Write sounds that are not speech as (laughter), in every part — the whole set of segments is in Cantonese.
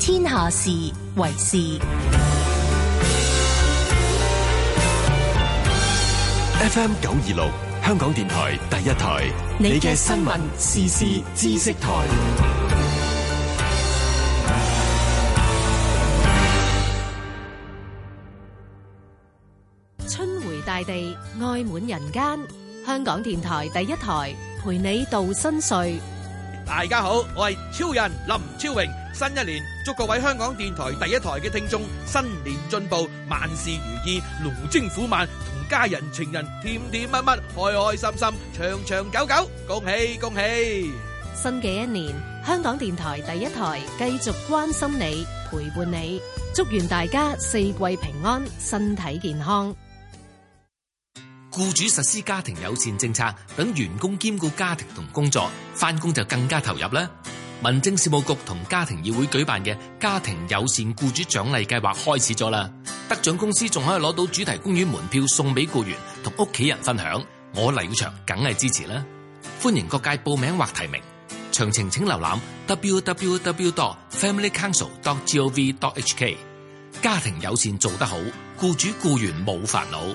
天下事為事，FM 九二六香港電台第一台，你嘅新聞時事知識台。春回大地，愛滿人間。香港電台第一台，陪你度新歲。大家好，我係超人林超榮。新一年，祝各位香港電台第一台嘅聽眾新年進步，萬事如意，龍精虎猛，同家人、情人甜甜蜜蜜，開開心心，長長久久，恭喜恭喜！新嘅一年，香港電台第一台繼續關心你，陪伴你，祝願大家四季平安，身體健康。雇主實施家庭友善政策，等員工兼顧家庭同工作，翻工就更加投入啦！民政事務局同家庭議會舉辦嘅家庭友善雇主獎勵計劃開始咗啦，得獎公司仲可以攞到主題公園門票送俾雇員同屋企人分享。我黎耀祥梗係支持啦！歡迎各界報名或提名，詳情請瀏覽 www.familycouncil.gov.hk。家庭友善做得好，雇主雇員冇煩惱。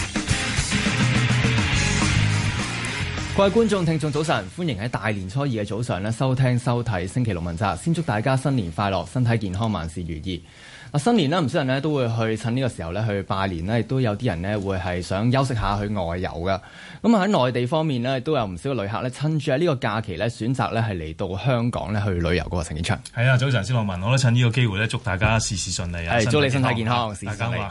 各位觀眾、聽眾，早晨！歡迎喺大年初二嘅早上呢收聽收睇星期六問責。先祝大家新年快樂，身體健康，萬事如意。新年咧，唔少人咧都會去趁呢個時候咧去拜年咧，亦都有啲人咧會係想休息下去外遊噶。咁喺內地方面呢，都有唔少旅客咧趁住喺呢個假期咧選擇咧係嚟到香港咧去旅遊噶。陳景祥，係啊，早晨，蕭洛汶，我都趁呢個機會咧祝大家事事順利。係的，年祝你身體健康，事事康順咁咧、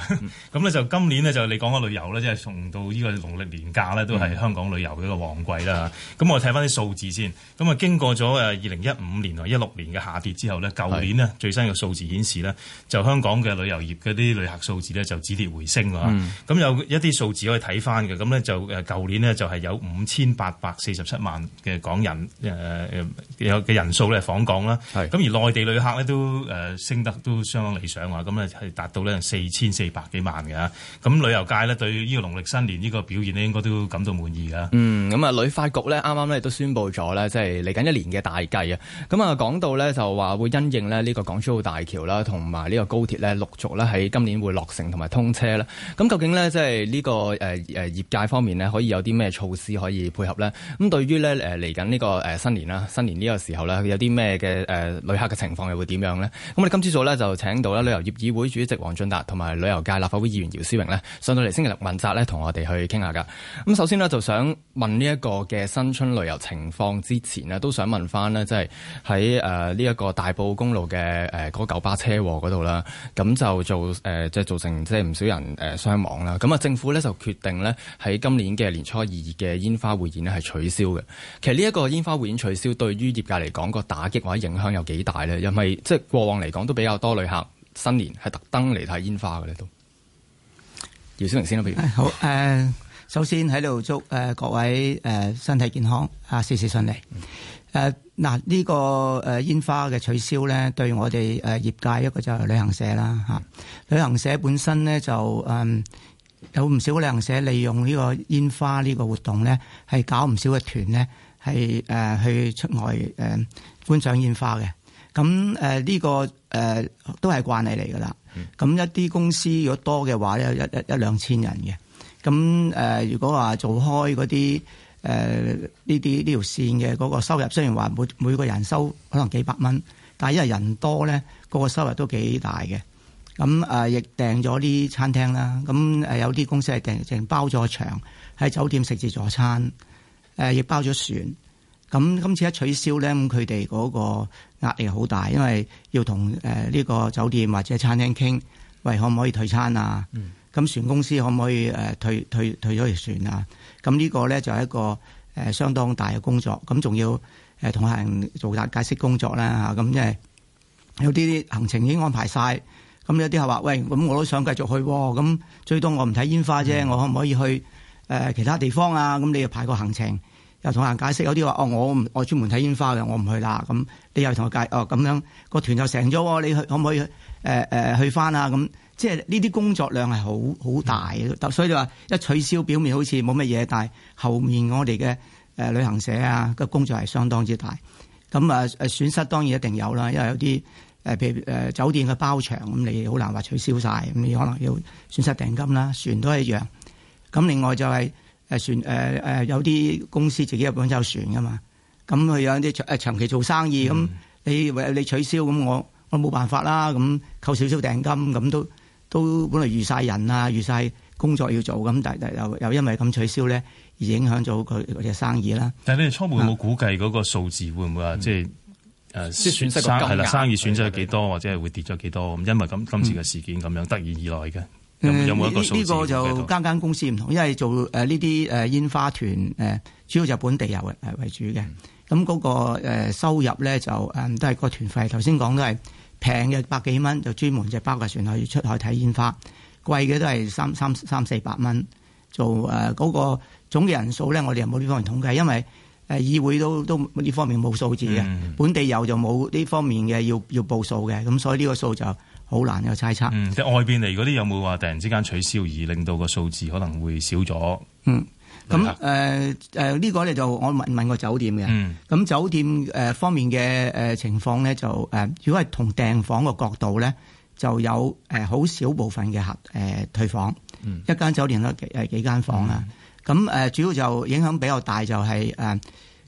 嗯、 (laughs) 就今年呢，就你講嘅旅遊咧，即係從到呢個農曆年假咧都係香港旅遊嘅一個旺季啦。咁、嗯、我睇翻啲數字先。咁啊經過咗誒二零一五年啊一六年嘅下跌之後呢，舊年咧最新嘅數字顯示呢，就香港嘅旅遊業嗰啲旅客數字咧就止跌回升喎，咁、嗯、有一啲數字可以睇翻嘅，咁咧就誒舊年呢，就係、是、有五千八百四十七萬嘅港人誒有嘅人數咧訪港啦，咁、嗯、而內地旅客咧都誒升得都相當理想喎，咁咧係達到呢，四千四百幾萬嘅，咁旅遊界呢，對呢個農曆新年呢個表現咧應該都感到滿意嘅。嗯，咁啊旅發局咧啱啱咧都宣布咗咧，即係嚟緊一年嘅大計啊，咁啊講到咧就話會因應咧呢個港珠澳大橋啦，同埋呢個高高鐵咧陸續咧喺今年會落成同埋通車啦。咁究竟咧即係呢、就是、個誒誒業界方面咧可以有啲咩措施可以配合咧？咁對於咧誒嚟緊呢個誒新年啦，新年呢個時候咧有啲咩嘅誒旅客嘅情況又會點樣咧？咁我哋今朝早咧就請到啦旅遊業議會主席黃進達同埋旅遊界立法會議員姚思榮咧上到嚟星期六問責咧同我哋去傾下噶。咁首先呢，就想問呢一個嘅新春旅遊情況之前呢，都想問翻咧即係喺誒呢一個大埔公路嘅誒嗰九巴車禍嗰度啦。咁就做誒，即係造成即係唔少人誒傷亡啦。咁啊，政府咧就決定咧喺今年嘅年初二嘅煙花匯演咧，係取消嘅。其實呢一個煙花匯演取消，對於業界嚟講個打擊或者影響有幾大咧？又咪即係過往嚟講都比較多旅客新年係特登嚟睇煙花嘅咧都。姚思榮先啦，哎，好誒、呃，首先喺度祝誒各位誒身體健康啊，事事順利。嗯誒嗱，呢、呃這個誒煙花嘅取消咧，對我哋誒業界一個就係旅行社啦嚇，旅行社本身咧就誒、嗯、有唔少旅行社利用呢個煙花呢個活動咧，係搞唔少嘅團咧，係誒去出外誒觀賞煙花嘅。咁誒呢個誒、呃、都係慣例嚟㗎啦。咁一啲公司如果多嘅話，有一一、一兩千人嘅。咁誒、呃，如果話做開嗰啲。誒呢啲呢條線嘅嗰個收入雖然話每每個人收可能幾百蚊，但係因為人多咧，嗰個收入都幾大嘅。咁誒亦訂咗啲餐廳啦，咁、呃、有啲公司係訂成包咗場喺酒店食自助餐，誒、呃、亦包咗船。咁今次一取消咧，咁佢哋嗰個壓力好大，因為要同呢、呃呢個酒店或者餐廳傾，喂，可唔可以退餐啊？咁、嗯、船公司可唔可以、呃、退退退咗條船啊？咁呢個咧就係一個誒相當大嘅工作，咁仲要誒同客人做下解釋工作啦嚇，咁即係有啲行程已經安排曬，咁有啲係話喂，咁我都想繼續去，咁最多我唔睇煙花啫，我可唔可以去誒其他地方啊？咁你要排個行程，又同客人解釋，有啲話哦，我我專門睇煙花嘅，我唔去啦咁。你又同我計哦咁，喔、樣個團就成咗，你去可唔可以誒，呃呃、去翻啊？咁即係呢啲工作量係好好大嘅，所以你話一取消表面好似冇乜嘢，但係後面我哋嘅，呃、旅行社啊個工作係相當之大。咁啊誒損失當然一定有啦，因為有啲誒譬如，呃、酒店嘅包場咁，你好難話取消晒。咁你可能要損失訂金啦，船都一樣。咁另外就係誒船有啲公司自己有本隻船㗎嘛。咁佢有啲誒長期做生意，咁你你取消咁，我我冇辦法啦。咁扣少少訂金，咁都都本嚟預晒人啊，預晒工作要做咁，但又又因為咁取消咧，而影響咗佢佢隻生意啦。但係你初步有冇估計嗰個數字、啊、會唔會話即係誒損失係啦，生意損失幾多或者係會跌咗幾多？咁因為咁今次嘅事件咁樣、嗯、突然而，而來嘅，有冇一個數字？呢、嗯嗯呢個就間間公司唔同，因為做誒呢啲誒煙花團誒，主要就本地遊誒為主嘅。嗯咁嗰個、呃、收入咧就誒都係個團費，頭先講都係平嘅百幾蚊，就專門隻包架船去出海睇煙花。貴嘅都係三三三四百蚊。做誒嗰個總嘅人數咧，我哋又冇呢方面統計，因為誒、呃、議會都都呢方面冇數字嘅。嗯、本地遊就冇呢方面嘅要要報數嘅，咁所以呢個數就好難有猜測。即係、嗯、外邊嚟嗰啲有冇話突然之間取消而令到個數字可能會少咗？嗯。咁誒誒呢個咧就我問問個酒店嘅，咁、嗯、酒店方面嘅情況咧就誒，如果係同訂房個角度咧，就有好少部分嘅客誒退房，嗯、一間酒店啦，誒幾間房啦。咁誒、嗯、主要就影響比較大、就係，就係誒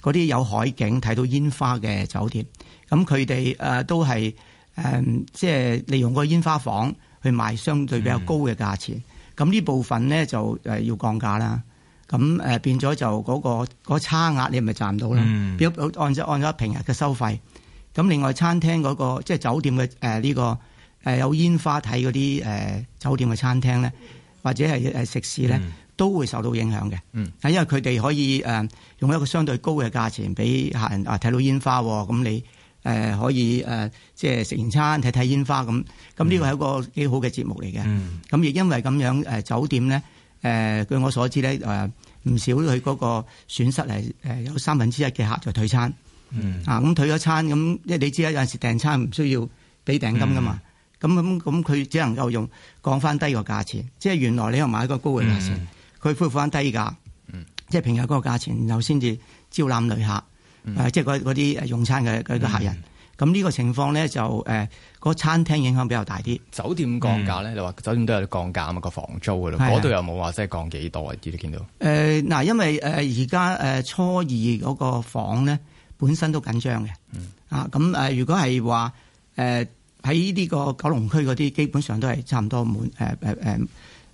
嗰啲有海景睇到煙花嘅酒店，咁佢哋誒都係誒即係利用個煙花房去賣相對比較高嘅價錢，咁呢、嗯、部分咧就要降價啦。咁誒變咗就嗰、那個嗰差額你咪賺到啦。嗯。表按咗按咗平日嘅收費，咁另外餐廳嗰、那個即係、就是、酒店嘅誒呢個誒、呃、有煙花睇嗰啲誒酒店嘅餐廳咧，或者係、呃、食肆咧，嗯、都會受到影響嘅。嗯。係因為佢哋可以誒、呃、用一個相對高嘅價錢俾客人啊睇到煙花喎，咁你誒可以誒、呃、即係食完餐睇睇煙花咁，咁呢個係一個幾好嘅節目嚟嘅。嗯。咁亦因為咁樣、呃、酒店咧、呃，據我所知咧唔少佢嗰個損失嚟，誒有三分之一嘅客就退餐，嗯、啊咁退咗餐咁、嗯，即係你知啦，有陣時訂餐唔需要俾訂金噶嘛，咁咁咁佢只能夠用降翻低個價錢，即係原來你又買一個高嘅價錢，佢、嗯、恢復翻低價，即係、嗯、平日嗰個價錢，然後先至招攬旅客，嗯啊、即係嗰嗰啲用餐嘅嗰啲客人。嗯嗯咁呢個情況咧就誒、呃嗰個、餐廳影響比較大啲，酒店降價咧就話酒店都有降價啊嘛、嗰個房租嘅嗰度又冇話即係降幾多，你都見到。誒嗱、呃，因為誒而家誒初二嗰個房咧本身都緊張嘅，嗯、啊咁誒如果係話誒喺呢個九龍區嗰啲基本上都係差唔多滿誒誒誒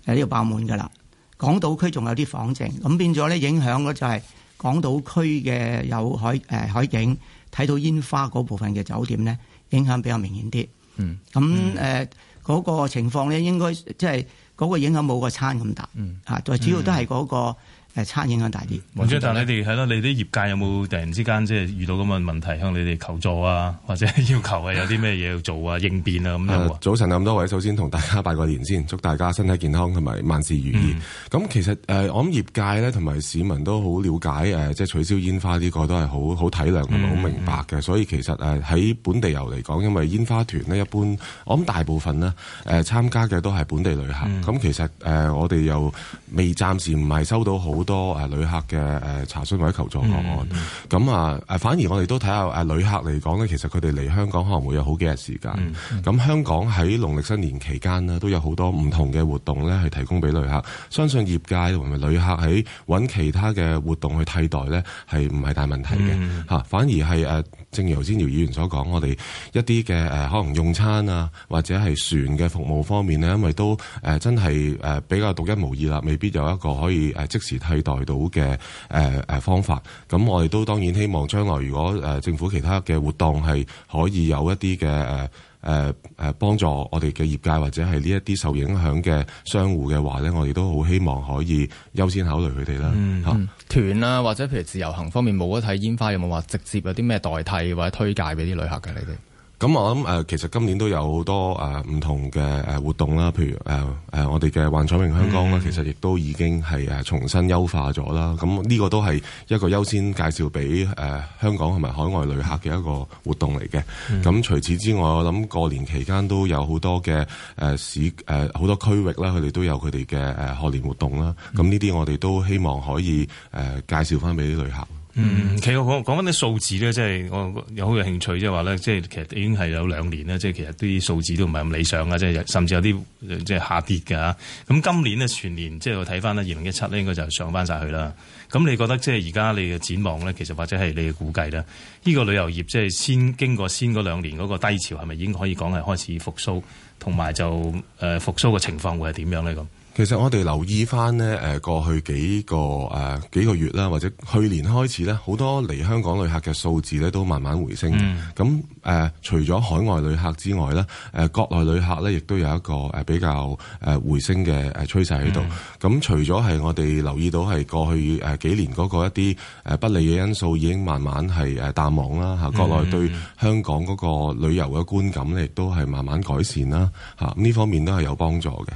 誒呢度爆滿噶啦，港島區仲有啲房剩，咁變咗咧影響咗就係港島區嘅有海誒、呃、海景。睇到煙花嗰部分嘅酒店咧，影響比較明顯啲。嗯，咁誒，嗰個情況咧，應該即係嗰個影響冇個餐咁大。嗯，吓、啊，就主要都係嗰、嗰個。嗯係差影響大啲。咁、嗯、但係你哋係咯，嗯、吧你啲業界有冇突然之間即係遇到咁嘅問題向你哋求助啊，或者要求係有啲咩嘢要做啊、 (laughs) 應變啊咁樣、啊？早晨咁多位，首先同大家拜個年先，祝大家身體健康同埋萬事如意。咁、嗯、其實誒，我諗業界咧同埋市民都好了解誒，即、就、係、是、取消煙花呢個都係好好體諒同埋好明白嘅。嗯嗯、所以其實誒喺本地遊嚟講，因為煙花團呢一般，我諗大部分呢，誒參加嘅都係本地旅客。咁、嗯、其實誒我哋又未暫時唔係收到好。多誒旅客嘅誒查詢或者求助個案，咁啊誒反而我哋都睇下誒旅客嚟講咧，其實佢哋嚟香港可能會有好幾日時間。咁、嗯嗯、香港喺農曆新年期間咧,都有好多唔同嘅活動咧，去提供俾旅客。相信業界同埋旅客喺揾其他嘅活動去替代咧，係唔係大問題嘅嚇？嗯嗯、反而係誒，正如頭先姚議員所講，我哋一啲嘅誒可能用餐啊，或者係船嘅服務方面咧，因為都誒真係誒比較獨一無二啦，未必有一個可以誒即時替。對待到嘅誒誒方法，咁我哋都當然希望將來如果誒、呃、政府其他嘅活動係可以有一啲嘅誒誒誒幫助我哋嘅業界或者係呢一啲受影響嘅商戶嘅話咧，我哋都好希望可以優先考慮佢哋啦吓團啦，或者譬如自由行方面冇得睇煙花，有冇話直接有啲咩代替或者推介俾啲旅客嘅你哋？咁我諗誒、呃，其實今年都有好多誒唔、呃、同嘅誒活動啦，譬如誒誒、呃呃、我哋嘅幻彩詠香江啊，嗯、其實亦都已經係誒重新優化咗啦。咁呢個都係一個優先介紹俾誒香港同埋海外旅客嘅一個活動嚟嘅。咁、嗯、除此之外，我諗過年期間都有好多嘅誒、呃、市誒好、呃、多區域啦，佢哋都有佢哋嘅誒賀年活動啦。咁呢啲我哋都希望可以誒、呃、介紹翻。俾啲旅客。嗯，其實我講講緊啲數字咧，即係我有好有興趣話，即係話咧，即係其實已經係有兩年啦。即係其實啲數字都唔係咁理想啊，即係甚至有啲即係下跌㗎。咁今年呢，全年即係我睇翻咧，二零一七呢應該就上翻晒去啦。咁你覺得即係而家你嘅展望咧，其實或者係你嘅估計呢？呢、呢個旅遊業即係先經過先嗰兩年嗰個低潮，係咪已經可以講係開始復蘇？同埋就誒、呃、復甦嘅情況會係點樣呢？咁？其實我哋留意翻呢誒過去幾個誒幾個月啦，或者去年開始呢，好多嚟香港旅客嘅數字咧都慢慢回升嘅。咁誒、嗯嗯，除咗海外旅客之外呢，誒國內旅客呢亦都有一個比較誒回升嘅誒趨勢喺度。咁、嗯、除咗係我哋留意到係過去幾年嗰個一啲誒不利嘅因素已經慢慢係誒淡忘啦，嚇國內對香港嗰個旅遊嘅觀感亦都係慢慢改善啦，咁呢、嗯、方面都係有幫助嘅。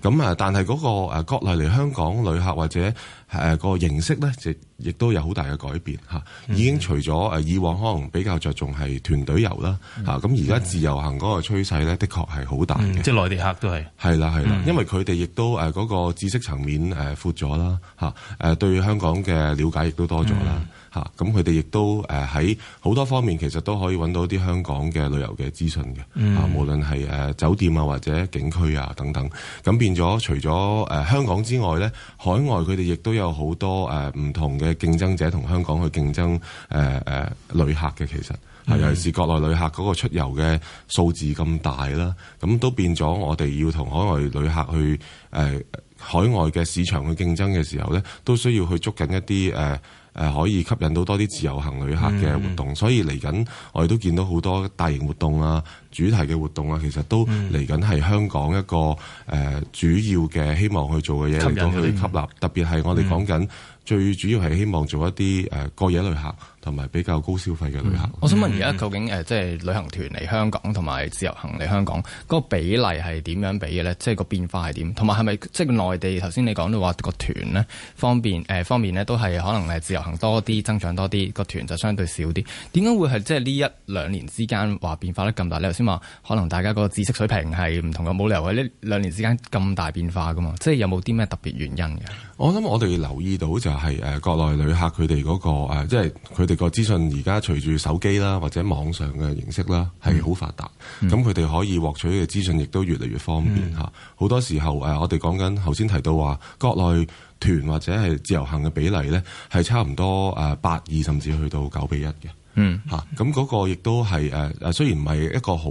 咁啊、嗯，但係。嗰個誒國內嚟香港旅客或者誒、啊、個形式咧，就亦都有好大嘅改變嚇、啊。已經除咗誒、啊、以往可能比較着重係團隊遊啦嚇，咁而家自由行嗰個趨勢咧，的確係好大嘅、嗯。即係內地客都係。係啦係啦，嗯、因為佢哋亦都誒嗰、啊那個知識層面誒、啊、闊咗啦嚇，誒、啊啊、對香港嘅了解亦都多咗啦。嗯吓咁，佢哋亦都誒喺好多方面，其實都可以揾到啲香港嘅旅遊嘅資訊嘅。啊、嗯，無論係誒酒店啊，或者景區啊等等，咁變咗除咗誒香港之外咧，海外佢哋亦都有好多誒唔同嘅競爭者同香港去競爭誒誒、呃呃、旅客嘅。其實啊，尤其是國內旅客嗰個出遊嘅數字咁大啦，咁都變咗我哋要同海外旅客去誒、呃、海外嘅市場去競爭嘅時候咧，都需要去捉緊一啲誒。呃誒可以吸引到多啲自由行旅客嘅活動，嗯、所以嚟緊我哋都見到好多大型活動啦、啊。主題嘅活動啊，其實都嚟緊係香港一個誒、呃、主要嘅希望去做嘅嘢嚟，佢哋吸，吸納。嗯、特別係我哋講緊最主要係希望做一啲誒、呃、過夜旅客同埋比較高消費嘅旅客、嗯。我想問而家究竟誒即係旅行團嚟香港同埋自由行嚟香港嗰、嗰個比例係點樣比嘅呢？即、就、係、是、個變化係點？同埋係咪即係內地頭先你講到話、個團呢，方便，誒、呃、方面呢都係可能係自由行多啲增長多啲，個團就相對少啲。點解會係即係呢一兩年之間話變化得咁大呢？嘛，可能大家個知識水平係唔同嘅，冇理由喺呢兩年之間咁大變化㗎嘛。即係有冇啲咩特別原因嘅？我諗我哋留意到就係誒，國內旅客佢哋嗰個，呃，即係佢哋個資訊而家隨住手機啦或者網上嘅形式啦係好發達，咁佢哋可以獲取嘅資訊亦都越嚟越方便嚇。嗯、好多時候誒，呃，我哋講緊頭先提到話，國內團或者係自由行嘅比例咧，係差唔多誒八二甚至去到九比一嘅。嗯，吓咁嗰個亦都係誒誒，雖然唔係一個好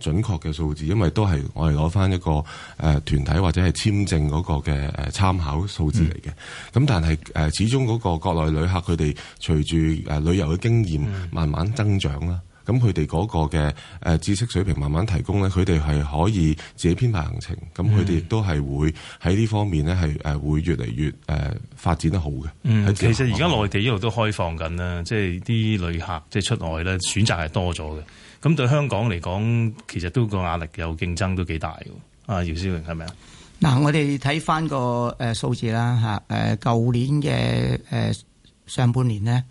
準確嘅數字，因為都係我哋攞翻一個誒團體或者係簽證嗰個嘅誒參考數字嚟嘅。咁、嗯、但係誒、啊，始終嗰個國內旅客佢哋隨住誒旅遊嘅經驗慢慢增長啦。嗯嗯咁佢哋嗰個嘅知識水平慢慢提供咧，佢哋係可以自己編排行程。咁佢哋亦都係會喺呢方面咧係誒會越嚟越誒發展得好嘅。嗯，其實而家內地呢度都開放緊啦，即係啲旅客即係出外咧選擇係多咗嘅。咁對香港嚟講，其實都個壓力有競爭都幾大喎。啊，姚思榮係咪啊？嗱，我哋睇翻個誒數字啦嚇，舊年嘅上半年咧。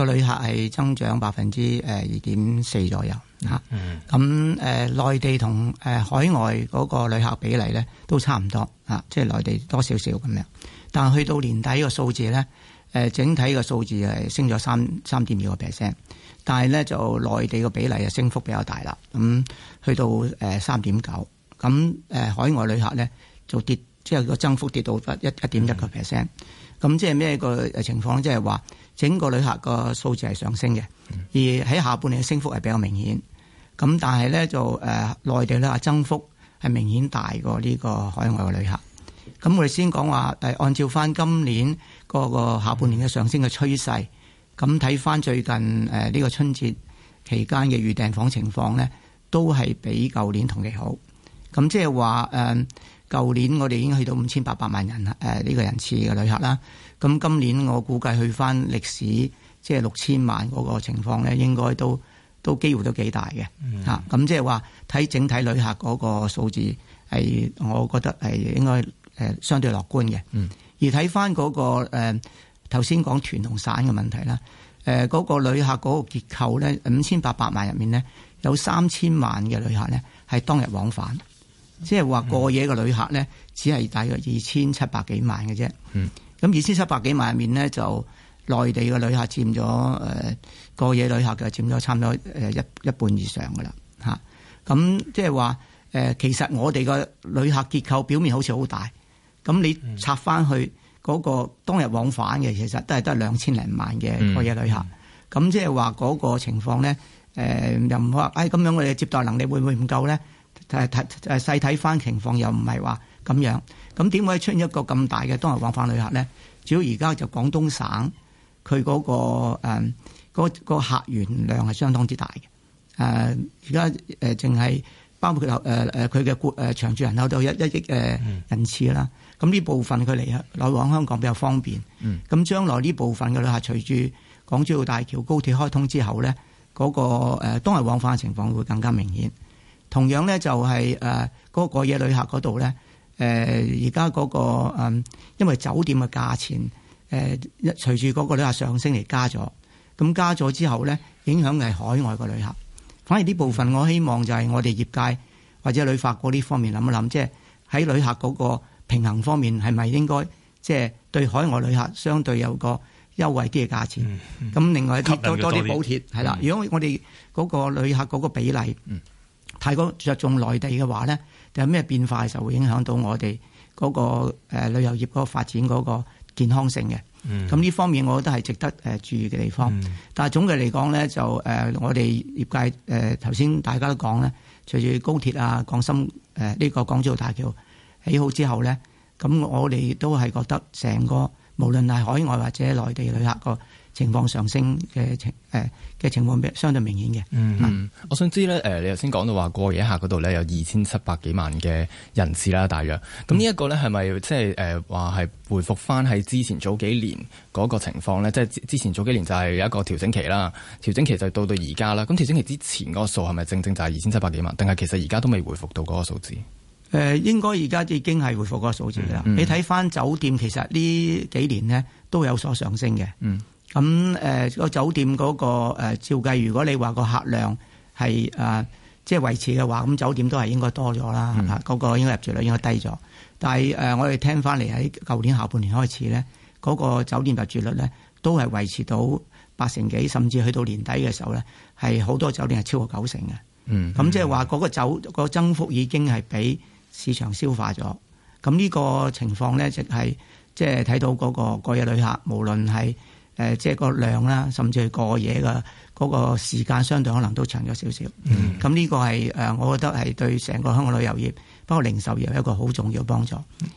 個旅客係增長百分之誒二點四左右，嚇，咁誒內地同誒海外嗰個旅客比例咧都差唔多嚇，即係內地多少少咁樣。但係去到年底個數字咧，誒整體個數字係升咗三三點二個 percent，但係咧就內地個比例啊升幅比較大啦，咁去到誒三點九，咁誒海外旅客咧就跌，即係個增幅跌到一一點一個 percent。咁即係咩個情況？即係話整個旅客個數字係上升嘅，而喺下半年嘅升幅係比較明顯。咁但係咧就誒內地咧增幅係明顯大過呢個海外嘅旅客。咁我哋先講話誒，但按照翻今年嗰個下半年嘅上升嘅趨勢，咁睇翻最近呢個春節期間嘅預訂房情況咧，都係比舊年同期好。咁即係話誒舊年我哋已經去到五千八百萬人誒呢個人次嘅旅客啦，咁今年我估計去翻歷史即係六千萬嗰個情況咧，應該都都機會都幾大嘅嚇。咁、嗯啊、即係話睇整體旅客嗰個數字係，我覺得係應該、呃、相對樂觀嘅。嗯、而睇翻嗰個誒頭先講團同散嘅問題啦，誒、呃、嗰、嗰個旅客嗰個結構咧，五千八百萬入面咧有三千萬嘅旅客咧係當日往返。即係話過夜嘅旅客咧，只係大約二千七百幾萬嘅啫。咁二千七百幾萬入面咧，就內地嘅旅客佔咗誒、呃、過夜旅客嘅佔咗差唔多一一半以上嘅啦。嚇！咁即係話誒，其實我哋個旅客結構表面好似好大，咁你拆翻去嗰、那個當日往返嘅，其實都係得兩千零萬嘅過夜旅客。咁即係話嗰個情況咧、呃，又唔好話，誒、哎、咁樣我哋接待能力會唔會唔夠咧？誒睇誒細睇翻情況，又唔係話咁樣。咁點會出現一個咁大嘅當日往返旅客咧？主要而家就廣東省佢嗰、嗰個誒、嗯、客源量係相當之大嘅。誒而家誒淨係包括誒誒佢嘅誒長住人口到一一億誒、呃嗯、人次啦。咁呢部分佢嚟來往香港比較方便。咁、嗯、將來呢部分嘅旅客隨住港珠澳大橋高鐵開通之後咧，嗰、嗰個誒、呃、當日往返嘅情況會更加明顯。同樣咧、就是，就係誒嗰個過夜旅客嗰度咧，誒而家嗰個因為酒店嘅價錢誒、呃、隨住嗰個旅客上升嚟加咗，咁加咗之後咧，影響係海外嘅旅客。反而呢部分，我希望就係我哋業界或者旅發局呢方面諗一諗，即係喺旅客嗰個平衡方面，係咪應該即係、就是、對海外旅客相對有個優惠啲嘅價錢？咁、嗯嗯、另外一啲多多啲補貼，係、嗯、啦。如果我哋嗰個旅客嗰個比例，嗯太過着重內地嘅話咧，有咩變化就會影響到我哋嗰個旅遊業嗰個發展嗰個健康性嘅。咁呢、mm hmm. 方面，我覺得係值得誒注意嘅地方。Mm hmm. 但係總嘅嚟講咧，就誒我哋業界誒頭先大家都講咧，隨住高鐵啊、港深誒呢、呢個港珠澳大橋起好之後咧，咁我哋都係覺得成個無論係海外或者內地的旅客個情況上升嘅情，誒、呃、嘅情況比較相對明顯嘅。嗯，是我想知咧，誒、呃、你頭先講到話過夜客嗰度咧有二千七百幾萬嘅人次啦，大約。咁呢一個咧係咪即係誒話係回復翻喺之前早幾年嗰個情況咧？即係之前早幾年就係有一個調整期啦，調整期就到到而家啦。咁調整期之前嗰個數係咪正正就係二千七百幾萬？定係其實而家都未回復到嗰個數字？誒、呃，應該而家已經係回復嗰個數字嘅啦。嗯、你睇翻酒店，其實呢幾年呢都有所上升嘅。嗯。咁誒、呃、酒店嗰、嗰個、呃、照計，如果你話個客量係、呃、即係維持嘅話，咁酒店都係應該多咗啦。嗰、嗯、個應該入住率應該低咗，但係誒、呃、我哋聽翻嚟喺舊年下半年開始咧，嗰、嗰個酒店入住率咧都係維持到八成幾，甚至去到年底嘅時候咧係好多酒店係超過九成嘅。咁即係話嗰個酒、嗯、增幅已經係比市場消化咗。咁呢個情況咧，即係即係睇到嗰、嗰個過夜旅客，無論係。誒，即係個量啦，甚至係過夜嘅嗰個時間，相對可能都長咗少少。咁呢、嗯、個係誒，我覺得係對成個香港旅遊業，包括零售業一個好重要嘅幫助。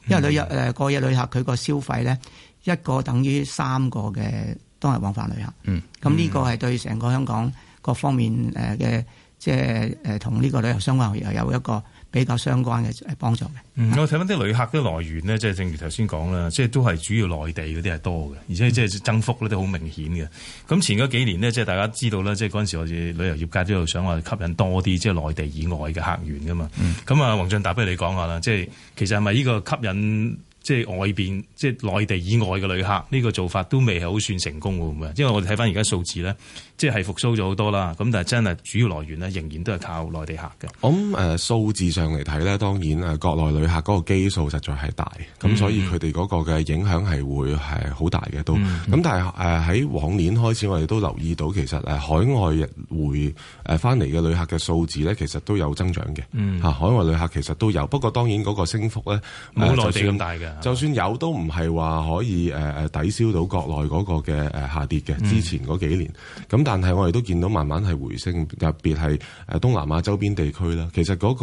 因為旅遊誒過夜旅客佢個消費咧，一個等於三個嘅都係往返旅客。咁呢、嗯嗯、個係對成個香港各方面誒嘅，即係誒同呢個旅遊相關行業係有一個，比較相關嘅幫助嘅、嗯。我睇翻啲旅客嘅來源呢，即係正如頭先講啦，即係都係主要內地嗰啲係多嘅，而且即係增幅咧都好明顯嘅。咁前嗰幾年呢，即係大家知道啦，即係嗰陣時我哋旅遊業界都有想話吸引多啲即係內地以外嘅客源噶嘛。咁啊、嗯，黃進達，不如你講下啦，即係其實係咪呢個吸引即係外邊即係內地以外嘅旅客呢個做法都未係好算成功嘅，因為我哋睇翻而家數字咧。即係復甦咗好多啦，咁但係真係主要來源呢，仍然都係靠內地客嘅。咁誒、呃、數字上嚟睇呢，當然誒國內旅客嗰個基數實在係大，咁、嗯、所以佢哋嗰個嘅影響係會係好大嘅都。咁、嗯、但係誒喺往年開始，我哋都留意到，其實海外回誒翻嚟嘅旅客嘅數字呢，其實都有增長嘅。嗯、啊，海外旅客其實都有，不過當然嗰個升幅呢，冇、呃、內地咁大嘅。就算有，都唔係話可以誒、呃、抵消到國內嗰個嘅誒下跌嘅。之前嗰幾年咁。嗯嗯但係我哋都見到慢慢係回升，特別係東南亞周邊地區啦。其實嗰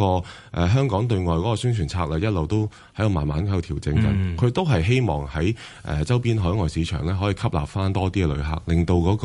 個香港對外嗰個宣傳策略一路都喺度慢慢喺度調整緊，佢、嗯、都係希望喺周邊海外市場咧可以吸納翻多啲嘅旅客，令到嗰、嗰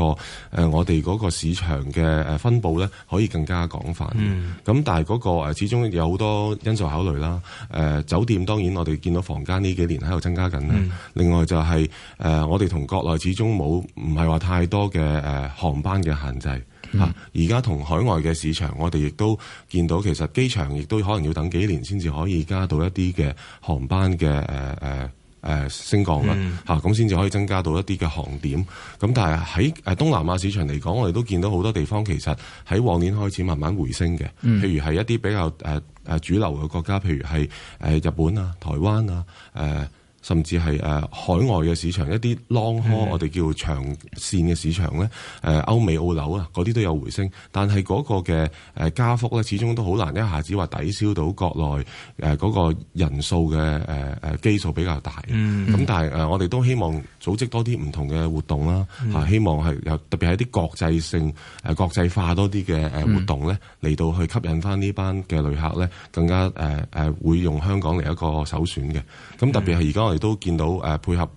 個我哋嗰個市場嘅分佈咧可以更加廣泛。咁、嗯、但係嗰個始終有好多因素考慮啦。誒酒店當然我哋見到房間呢幾年喺度增加緊啦。嗯、另外就係誒我哋同國內始終冇唔係話太多嘅誒航班。班嘅限制嚇，而家同海外嘅市場，我哋亦都見到其實機場亦都可能要等幾年先至可以加到一啲嘅航班嘅，誒誒誒升降啊嚇，咁先至可以增加到一啲嘅航點。咁但係喺東南亞市場嚟講，我哋都見到好多地方其實喺往年開始慢慢回升嘅，嗯、譬如係一啲比較誒誒主流嘅國家，譬如係誒日本啊、台灣啊誒。呃甚至係誒海外嘅市場一啲 long haul 是的 我哋叫長線嘅市場咧，誒歐美澳樓啊，嗰啲都有回升，但係嗰嘅誒加幅咧，始終都好難一下子話抵消到國內誒嗰人數嘅誒誒基數比較大。咁、嗯、但係誒我哋都希望組織多啲唔同嘅活動啦，吓、嗯、希望係有特別係啲國際性誒國際化多啲嘅誒活動咧，嚟、嗯、到去吸引翻呢班嘅旅客咧，更加誒誒會用香港嚟一個首選嘅。咁特別係而家我哋。亦都見到誒、呃，配合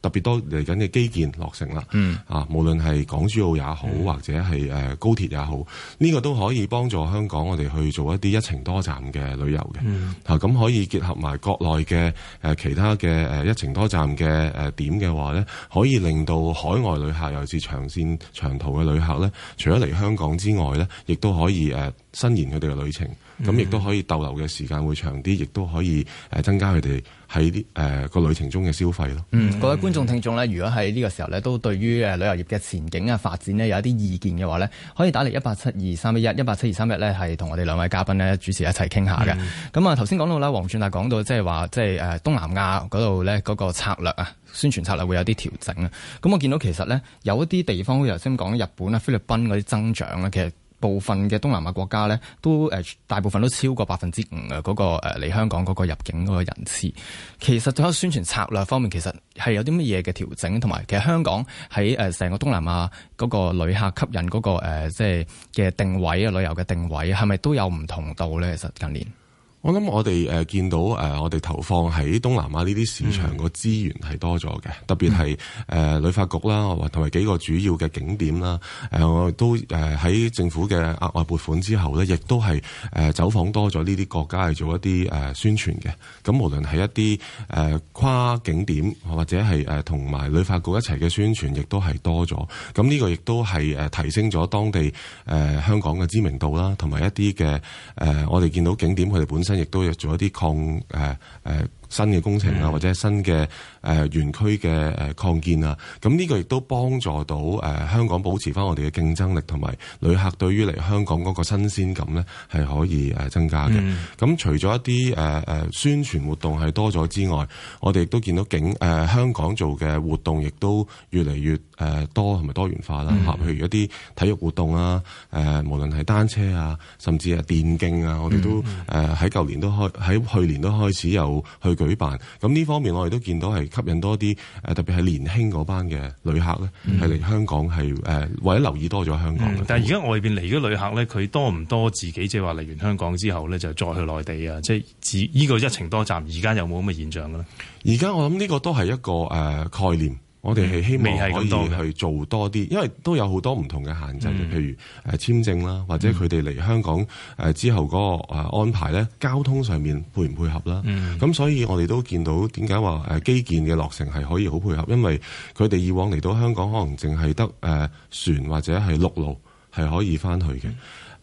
特別多嚟緊嘅基建落成啦，嗯、mm. 啊，無論係港珠澳也好，mm. 或者係誒、呃、高鐵也好，呢、這個都可以幫助香港我哋去做一啲一程多站嘅旅遊嘅，嗯咁、mm. 啊、可以結合埋國內嘅誒其他嘅誒一程多站嘅誒、呃、點嘅話咧，可以令到海外旅客尤其是長線長途嘅旅客咧，除咗嚟香港之外咧，亦都可以誒。呃伸延佢哋嘅旅程，咁亦都可以逗留嘅時間會長啲，亦都可以增加佢哋喺啲誒個旅程中嘅消費咯。嗯，各位觀眾聽眾呢，如果喺呢個時候呢，都對於旅遊業嘅前景啊發展呢，有一啲意見嘅話呢，可以打嚟一八七二三一一，一八七二三一呢，係同我哋兩位嘉賓呢主持一齊傾下嘅。咁啊、嗯，頭先講到啦，黃進達講到即係話，即係誒東南亞嗰度呢，嗰個策略啊，宣傳策略會有啲調整啊。咁我見到其實呢，有一啲地方，好似頭先講日本啊、菲律賓嗰啲增長咧，其實。部分嘅東南亞國家咧，都誒大部分都超過百分之五嘅嗰個誒嚟香港嗰個入境嗰個人次。其實就喺宣傳策略方面，其實係有啲乜嘢嘅調整，同埋其實香港喺誒成個東南亞嗰個旅客吸引嗰個誒即係嘅定位啊，旅遊嘅定位係咪都有唔同度咧？其實近年。我諗我哋誒見到誒，我哋投放喺東南亞呢啲市場嘅資源係多咗嘅，嗯、特別係誒旅發局啦，同埋幾個主要嘅景點啦，誒、呃、我都誒喺、呃、政府嘅額外撥款之後咧，亦都係誒走訪多咗呢啲國家嚟做一啲誒、呃、宣傳嘅。咁無論係一啲誒、呃、跨景點或者係誒同埋旅發局一齊嘅宣傳，亦都係多咗。咁呢個亦都係誒提升咗當地誒、呃、香港嘅知名度啦，同埋一啲嘅誒我哋見到景點佢哋本身。亦都要做一啲抗誒誒新嘅工程啊，或者新嘅。誒、呃、園區嘅誒擴建啊，咁呢個亦都幫助到誒、呃、香港保持返我哋嘅競爭力，同埋旅客對於嚟香港嗰個新鮮感呢係可以誒增加嘅。咁、嗯嗯、除咗一啲誒誒宣傳活動係多咗之外，我哋亦都見到景誒、呃、香港做嘅活動亦都越嚟越誒多同埋多元化啦。譬如、嗯、一啲體育活動啊，誒、呃、無論係單車啊，甚至係電競啊，我哋都誒喺舊年都開喺去年都開始有去舉辦。咁呢方面我哋都見到係。吸引多啲誒，特別係年輕嗰班嘅旅客咧，係嚟、嗯、香港係誒，或者、呃、留意多咗香港。嗯、但係而家外邊嚟嘅旅客咧，佢多唔多自己即係話嚟完香港之後咧，就再去內地啊？即係呢個一程多站，而家有冇咁嘅現象咧？而家我諗呢個都係一個誒、呃、概念。我哋係希望可以去做多啲，因為都有好多唔同嘅限制，譬如誒簽證啦，或者佢哋嚟香港誒之後嗰個誒安排咧，交通上面配唔配合啦。咁所以我哋都見到點解話誒基建嘅落成係可以好配合，因為佢哋以往嚟到香港可能淨係得誒船或者係陸路係可以翻去嘅。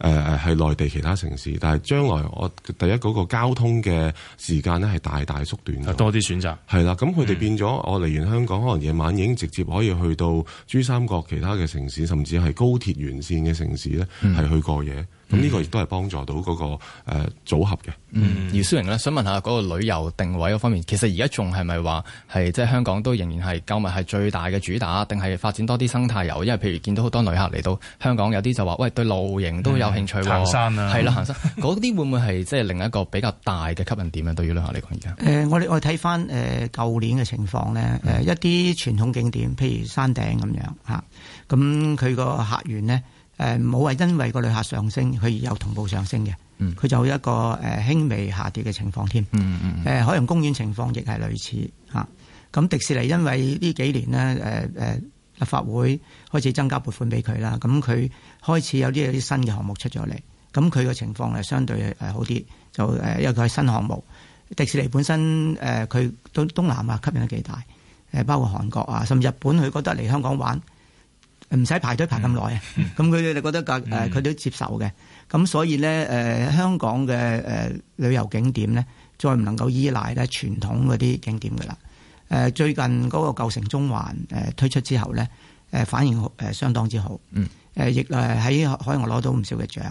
誒誒，係、呃、內地其他城市，但係將來我第一嗰、那個交通嘅時間咧，係大大縮短，多啲選擇係啦。咁佢哋變咗，我嚟完香港，嗯、可能夜晚已經直接可以去到珠三角其他嘅城市，甚至係高鐵沿線嘅城市咧，係、嗯、去過夜。咁呢、嗯、個亦都係幫助到嗰、那個誒、呃、組合嘅。嗯，姚思榮咧，想問下嗰個旅遊定位嗰方面，其實而家仲係咪話係即係香港都仍然係購物係最大嘅主打，定係發展多啲生態遊？因為譬如見到好多旅客嚟到香港，有啲就話：喂，對露營都有興趣，行、啊、山啊，係啦、啊， (laughs) 行山嗰啲會唔會係即係另一個比較大嘅吸引點啊？對於旅客嚟講而家？誒、呃，我哋我哋睇翻誒舊年嘅情況咧，誒、呃、一啲傳統景點，譬如山頂咁樣嚇，咁佢個客源咧。誒冇話因為個旅客上升，佢又有同步上升嘅，佢、嗯、就有一個誒輕、呃、微下跌嘅情況添。誒海洋公園情況亦係類似吓咁、啊、迪士尼因為呢幾年咧誒誒立法會開始增加撥款俾佢啦，咁佢開始有啲有啲新嘅項目出咗嚟，咁佢嘅情況咧相對好啲，就因為佢係新項目。迪士尼本身誒佢、呃、東南亞吸引幾大，包括韓國啊，甚至日本佢覺得嚟香港玩，唔使排隊排咁耐，咁佢哋覺得佢都接受嘅，咁、嗯、所以咧、呃、香港嘅、呃、旅遊景點咧，再唔能夠依賴咧傳統嗰啲景點㗎啦、呃。最近嗰、嗰個舊城中環、呃、推出之後咧，反應好、呃、相當之好，亦誒喺海外攞到唔少嘅獎，咁、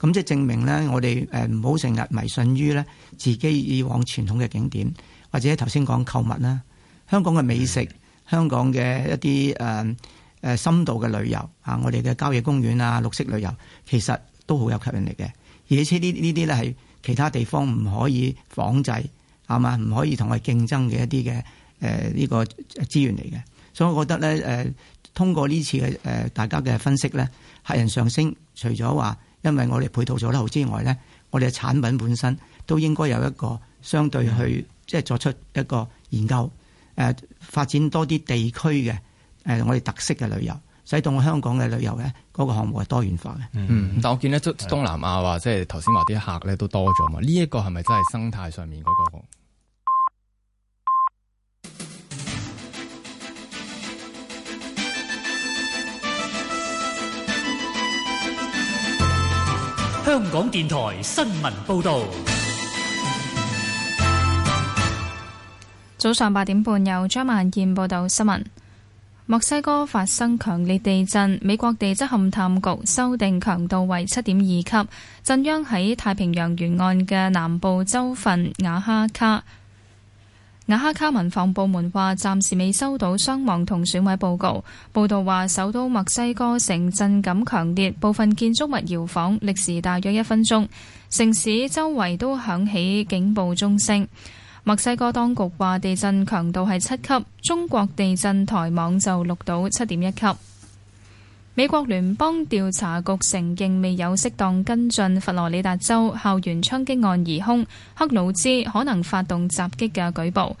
呃、即係證明咧我哋唔好成日迷信於咧自己以往傳統嘅景點，或者頭先講購物啦，香港嘅美食，嗯、香港嘅一啲誒深度嘅旅遊啊，我哋嘅郊野公園啊，綠色旅遊其實都好有吸引力嘅。而且呢呢啲咧係其他地方唔可以仿製係嘛？唔可以同佢競爭嘅一啲嘅誒呢個資源嚟嘅。所以我覺得咧誒，通過呢次嘅誒大家嘅分析咧，客人上升，除咗話因為我哋配套做得好之外咧，我哋嘅產品本身都應該有一個相對去即係作出一個研究誒，發展多啲地區嘅。誒，我哋特色嘅旅遊，使到我香港嘅旅遊咧，呢個項目係多元化嘅。嗯，但我見得，東南亞話，是的即係頭先話啲客呢都多咗嘛。呢一個係咪真係生態上面嗰個？香港電台新聞報導，早上八點半由張曼燕報道新聞。墨西哥發生強烈地震，美國地質勘探局修訂強度為七點二級，震央喺太平洋沿岸嘅南部州份瓦哈卡。瓦哈卡民防部門話暫時未收到傷亡同損毀報告。報道話首都墨西哥城震感強烈，部分建築物搖晃，歷時大約一分鐘。城市周圍都響起警報鐘聲。墨西哥當局話地震強度係七級，中國地震台網就錄到七點一級。美國聯邦調查局承認未有適當跟進佛羅里達州校園槍擊案疑兇克魯茲可能發動襲擊嘅舉報。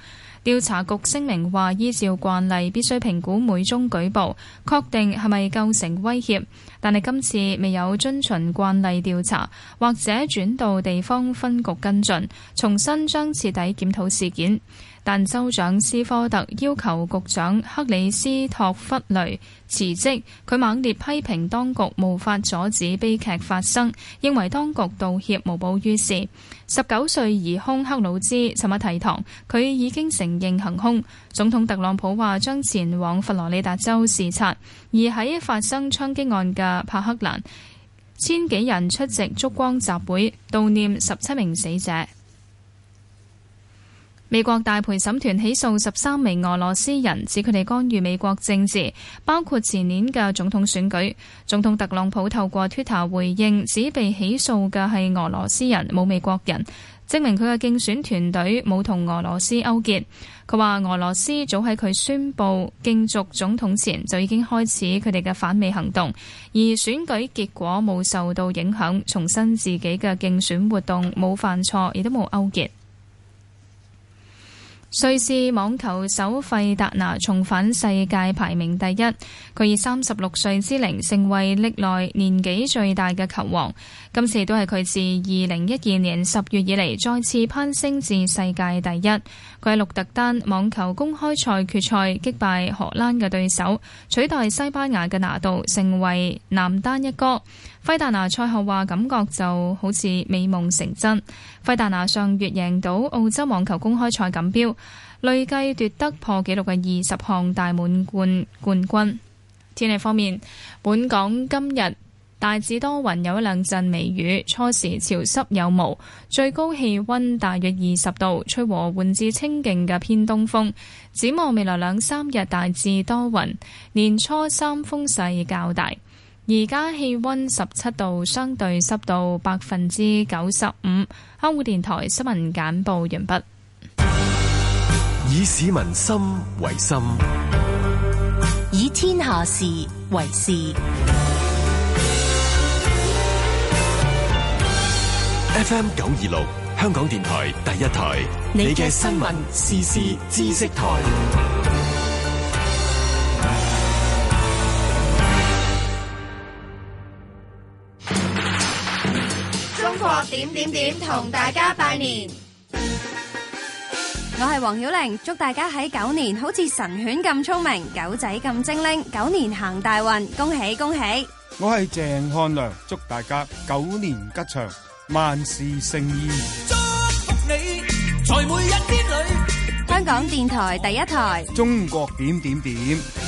調查局聲明話：依照慣例，必須評估每宗舉報，確定係咪構成威脅。但係今次未有遵循慣例調查，或者轉到地方分局跟進，重新將徹底檢討事件。但州長斯科特要求局長克里斯托弗雷辭職，佢猛烈批評當局無法阻止悲劇發生，認為當局道歉無補於事。十九歲疑凶克魯茲尋日提堂，佢已經承認行凶。總統特朗普話將前往佛羅里達州視察，而喺發生槍擊案嘅帕克蘭，千幾人出席燭光集會悼念十七名死者。美國大陪審團起訴十三名俄羅斯人，指佢哋干預美國政治，包括前年嘅總統選舉。總統特朗普透過 Twitter 回應，指被起訴嘅係俄羅斯人，冇美國人，證明佢嘅競選團隊冇同俄羅斯勾結。佢話俄羅斯早喺佢宣布競逐總統前就已經開始佢哋嘅反美行動，而選舉結果冇受到影響，重申自己嘅競選活動冇犯錯，亦都冇勾結。瑞士網球手費達拿重返世界排名第一，佢以三十六歲之齡成為歷來年紀最大嘅球王。今次都係佢自二零一二年十月以嚟再次攀升至世界第一。佢喺鹿特丹網球公開賽決賽擊敗荷蘭嘅對手，取代西班牙嘅拿度，成為男單一哥。費達拿賽後話：感覺就好似美夢成真。費達拿上月贏到澳洲網球公開賽錦標，累計奪得破紀錄嘅二十項大滿貫冠軍。天氣方面，本港今日大致多雲，有一兩陣微雨，初時潮濕有霧，最高氣溫大約二十度，吹和緩至清勁嘅偏東風。展望未來兩三日，大致多雲，年初三風勢較大。而家氣溫十七度，相對濕度百分之九十五。香港電台新聞簡報完畢。以市民心為心，以天下事為事。FM 九二六，香港電台第一台，你嘅新聞時事知識台。點點點同大家拜年，我係黃曉玲，祝大家喺狗年好似神犬咁聰明，狗仔咁精靈，狗年行大運，恭喜恭喜！我係鄭漢良，祝大家狗年吉祥，萬事勝意。祝福你，在每一天裏。香港電台第一台，中國點點點，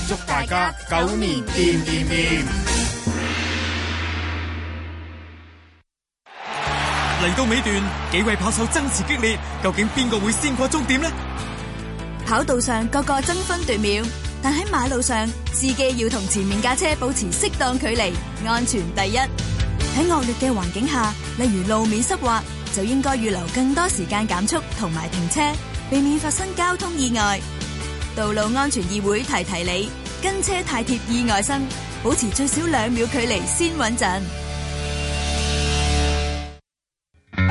祝大家狗年點點點。嚟到尾段，幾位跑手爭持激烈，究竟邊個會先過終點呢？跑道上個個爭分奪秒，但喺馬路上，司機要同前面架車保持適當距離，安全第一。喺惡劣嘅環境下，例如路面濕滑，就應該預留更多時間減速同埋停車，避免發生交通意外。道路安全議會提提你，跟車太貼，意外身，保持最少兩秒距離先穩陣。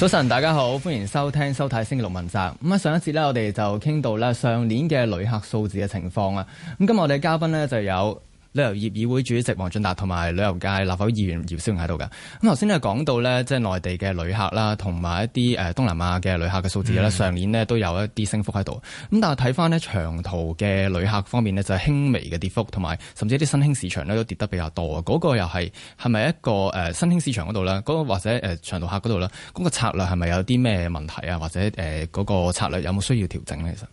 早晨，大家好，歡迎收聽收睇星《星期六問責》。咁喺上一次咧，我哋就傾到咧上年嘅旅客數字嘅情況啊。咁今日我哋嘉賓咧就有。旅遊業議會主席黃進達同埋旅遊界立法會議員姚思榮喺度㗎。咁頭先咧講到咧，即係內地嘅旅客啦，同埋一啲誒東南亞嘅旅客嘅數字上、嗯、年呢都有一啲升幅喺度。咁但係睇翻咧長途嘅旅客方面呢就係、是、輕微嘅跌幅，同埋甚至一啲新興市場咧都跌得比較多。嗰、那個又係係咪一個誒新興市場嗰度啦嗰個或者誒長途客嗰度啦嗰個策略係咪有啲咩問題啊？或者誒嗰個策略有冇需要調整呢？其實？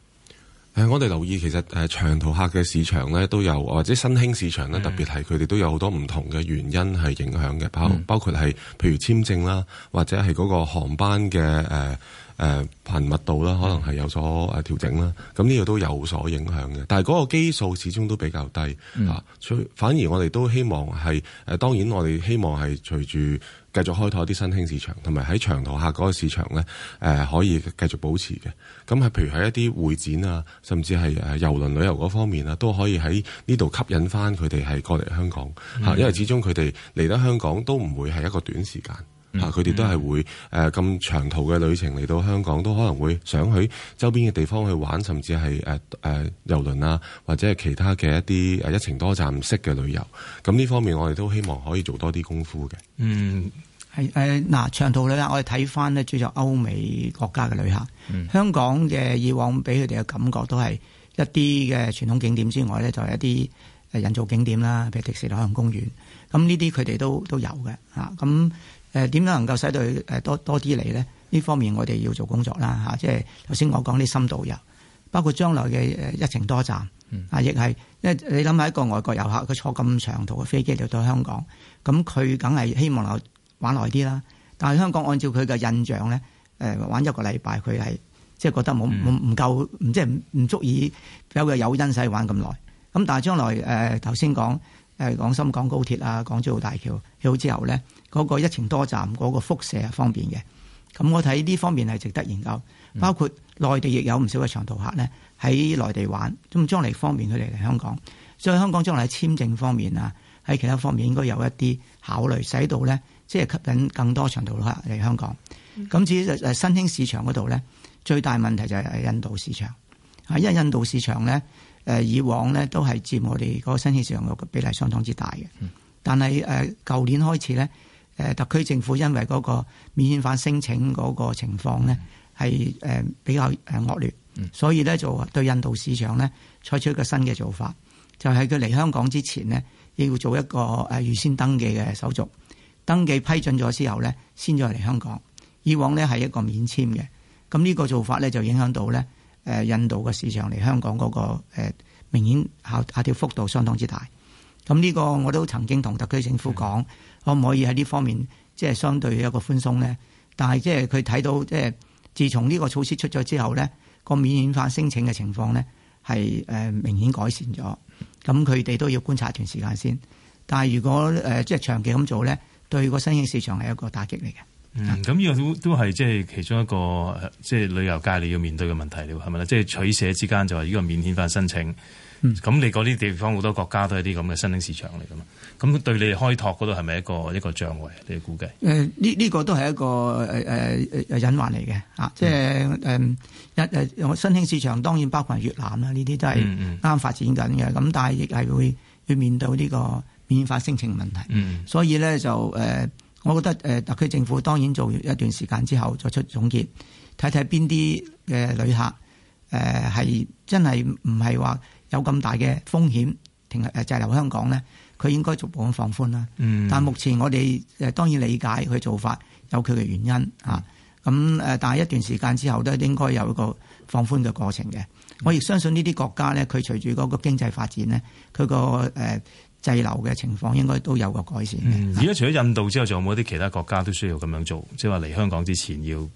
誒，我哋留意其實誒長途客嘅市場咧，都有或者新興市場咧，特別係佢哋都有好多唔同嘅原因係影響嘅，包包括係譬如簽證啦，或者係嗰個航班嘅誒誒頻密度啦，可能係有所誒調整啦。咁呢個都有所影響嘅，但係嗰個基數始終都比較低嚇，嗯、所以反而我哋都希望係誒，當然我哋希望係隨住。繼續開拓啲新興市場，同埋喺長途客嗰個市場呢、呃，可以繼續保持嘅。咁係譬如喺一啲會展啊，甚至係誒遊輪旅遊嗰方面啊，都可以喺呢度吸引翻佢哋係過嚟香港、mm. 因為始終佢哋嚟得香港都唔會係一個短時間，佢哋都係會誒咁、呃、長途嘅旅程嚟到香港，都可能會想去周邊嘅地方去玩，甚至係誒誒遊輪啊，或者係其他嘅一啲一程多站式嘅旅遊。咁呢方面我哋都希望可以做多啲功夫嘅。嗯。Mm. 係嗱，呃，長途旅客我哋睇翻咧，主要歐美國家嘅旅客，嗯、香港嘅以往俾佢哋嘅感覺都係一啲嘅傳統景點之外咧，就係、是，一啲誒人造景點啦，譬如迪士尼、海洋公園，咁呢啲佢哋都都有嘅啊。咁誒點樣能夠使到誒多多啲嚟咧？呢方面我哋要做工作啦嚇、啊，即係頭先我講啲深度遊，包括將來嘅誒一程多站、嗯、啊，亦係，因為你諗下一個外國遊客，佢坐咁長途嘅飛機嚟到香港，咁佢梗係希望能玩耐啲啦，但係香港按照佢嘅印象咧，誒玩一個禮拜佢係即係覺得冇冇唔夠，唔即係唔唔足以有嘅有因勢玩咁耐。咁但係將來誒頭先講誒廣深港高鐵啊、港珠澳大橋起好之後咧，嗰個一程多站嗰個輻射係方便嘅。咁我睇呢方面係值得研究，包括內地亦有唔少嘅長途客咧喺內地玩，咁將嚟方便佢哋嚟香港。所以香港將來喺簽證方面啊，喺其他方面應該有一啲考慮，使到咧。即係吸引更多長途旅客嚟香港。咁至於誒新興市場嗰度咧，最大問題就係印度市場。啊，因為印度市場咧，誒以往咧都係佔我哋個新興市場個比例相當之大嘅。但係誒舊年開始咧，誒特區政府因為嗰個免簽發申請嗰個情況咧係誒比較誒惡劣，所以咧就對印度市場咧採取一個新嘅做法，就係佢嚟香港之前咧要做一個誒預先登記嘅手續。登記批准咗之後咧，先再嚟香港。以往咧係一個免簽嘅，咁呢個做法咧就影響到咧印度嘅市場嚟香港嗰個，呃、明顯下下跌幅度相當之大。咁呢個我都曾經同特區政府講，的可唔可以喺呢方面即係相對一個寬鬆咧？但係即係佢睇到即係自從呢個措施出咗之後咧，個免簽化申請嘅情況咧係誒明顯改善咗。咁佢哋都要觀察一段時間先。但係如果誒即係長期咁做咧？對個新興市場係一個打擊嚟嘅，嗯，咁呢個都都係即係其中一個，即係旅遊界你要面對嘅問題啦，係咪咧？即係取捨之間就話呢個免遣返申請，咁你嗰啲地方好多國家都係啲咁嘅新興市場嚟噶嘛？咁對你哋開拓嗰度係咪一個一個障礙？你估計？誒，呢呢個都係一個誒誒隱患嚟嘅，啊，即係誒一誒，新興市場當然包括越南啦，呢啲都係啱發展緊嘅，咁但係亦係會要面對呢個。免發申請問題，所以咧就誒，我覺得誒特區政府當然做一段時間之後作出總結，睇睇邊啲嘅旅客誒係、呃、真係唔係話有咁大嘅風險停誒滯留香港咧，佢應該逐步咁放寬啦。嗯、但目前我哋誒當然理解佢做法有佢嘅原因啊。咁誒，但係一段時間之後都應該有一個放寬嘅過程嘅。我亦相信呢啲國家咧，佢隨住嗰個經濟發展咧，佢個誒。呃滯留嘅情況應該都有個改善嘅。嗯、是而家除咗印度之外，仲有冇一啲其他國家都需要咁樣做？即係話嚟香港之前要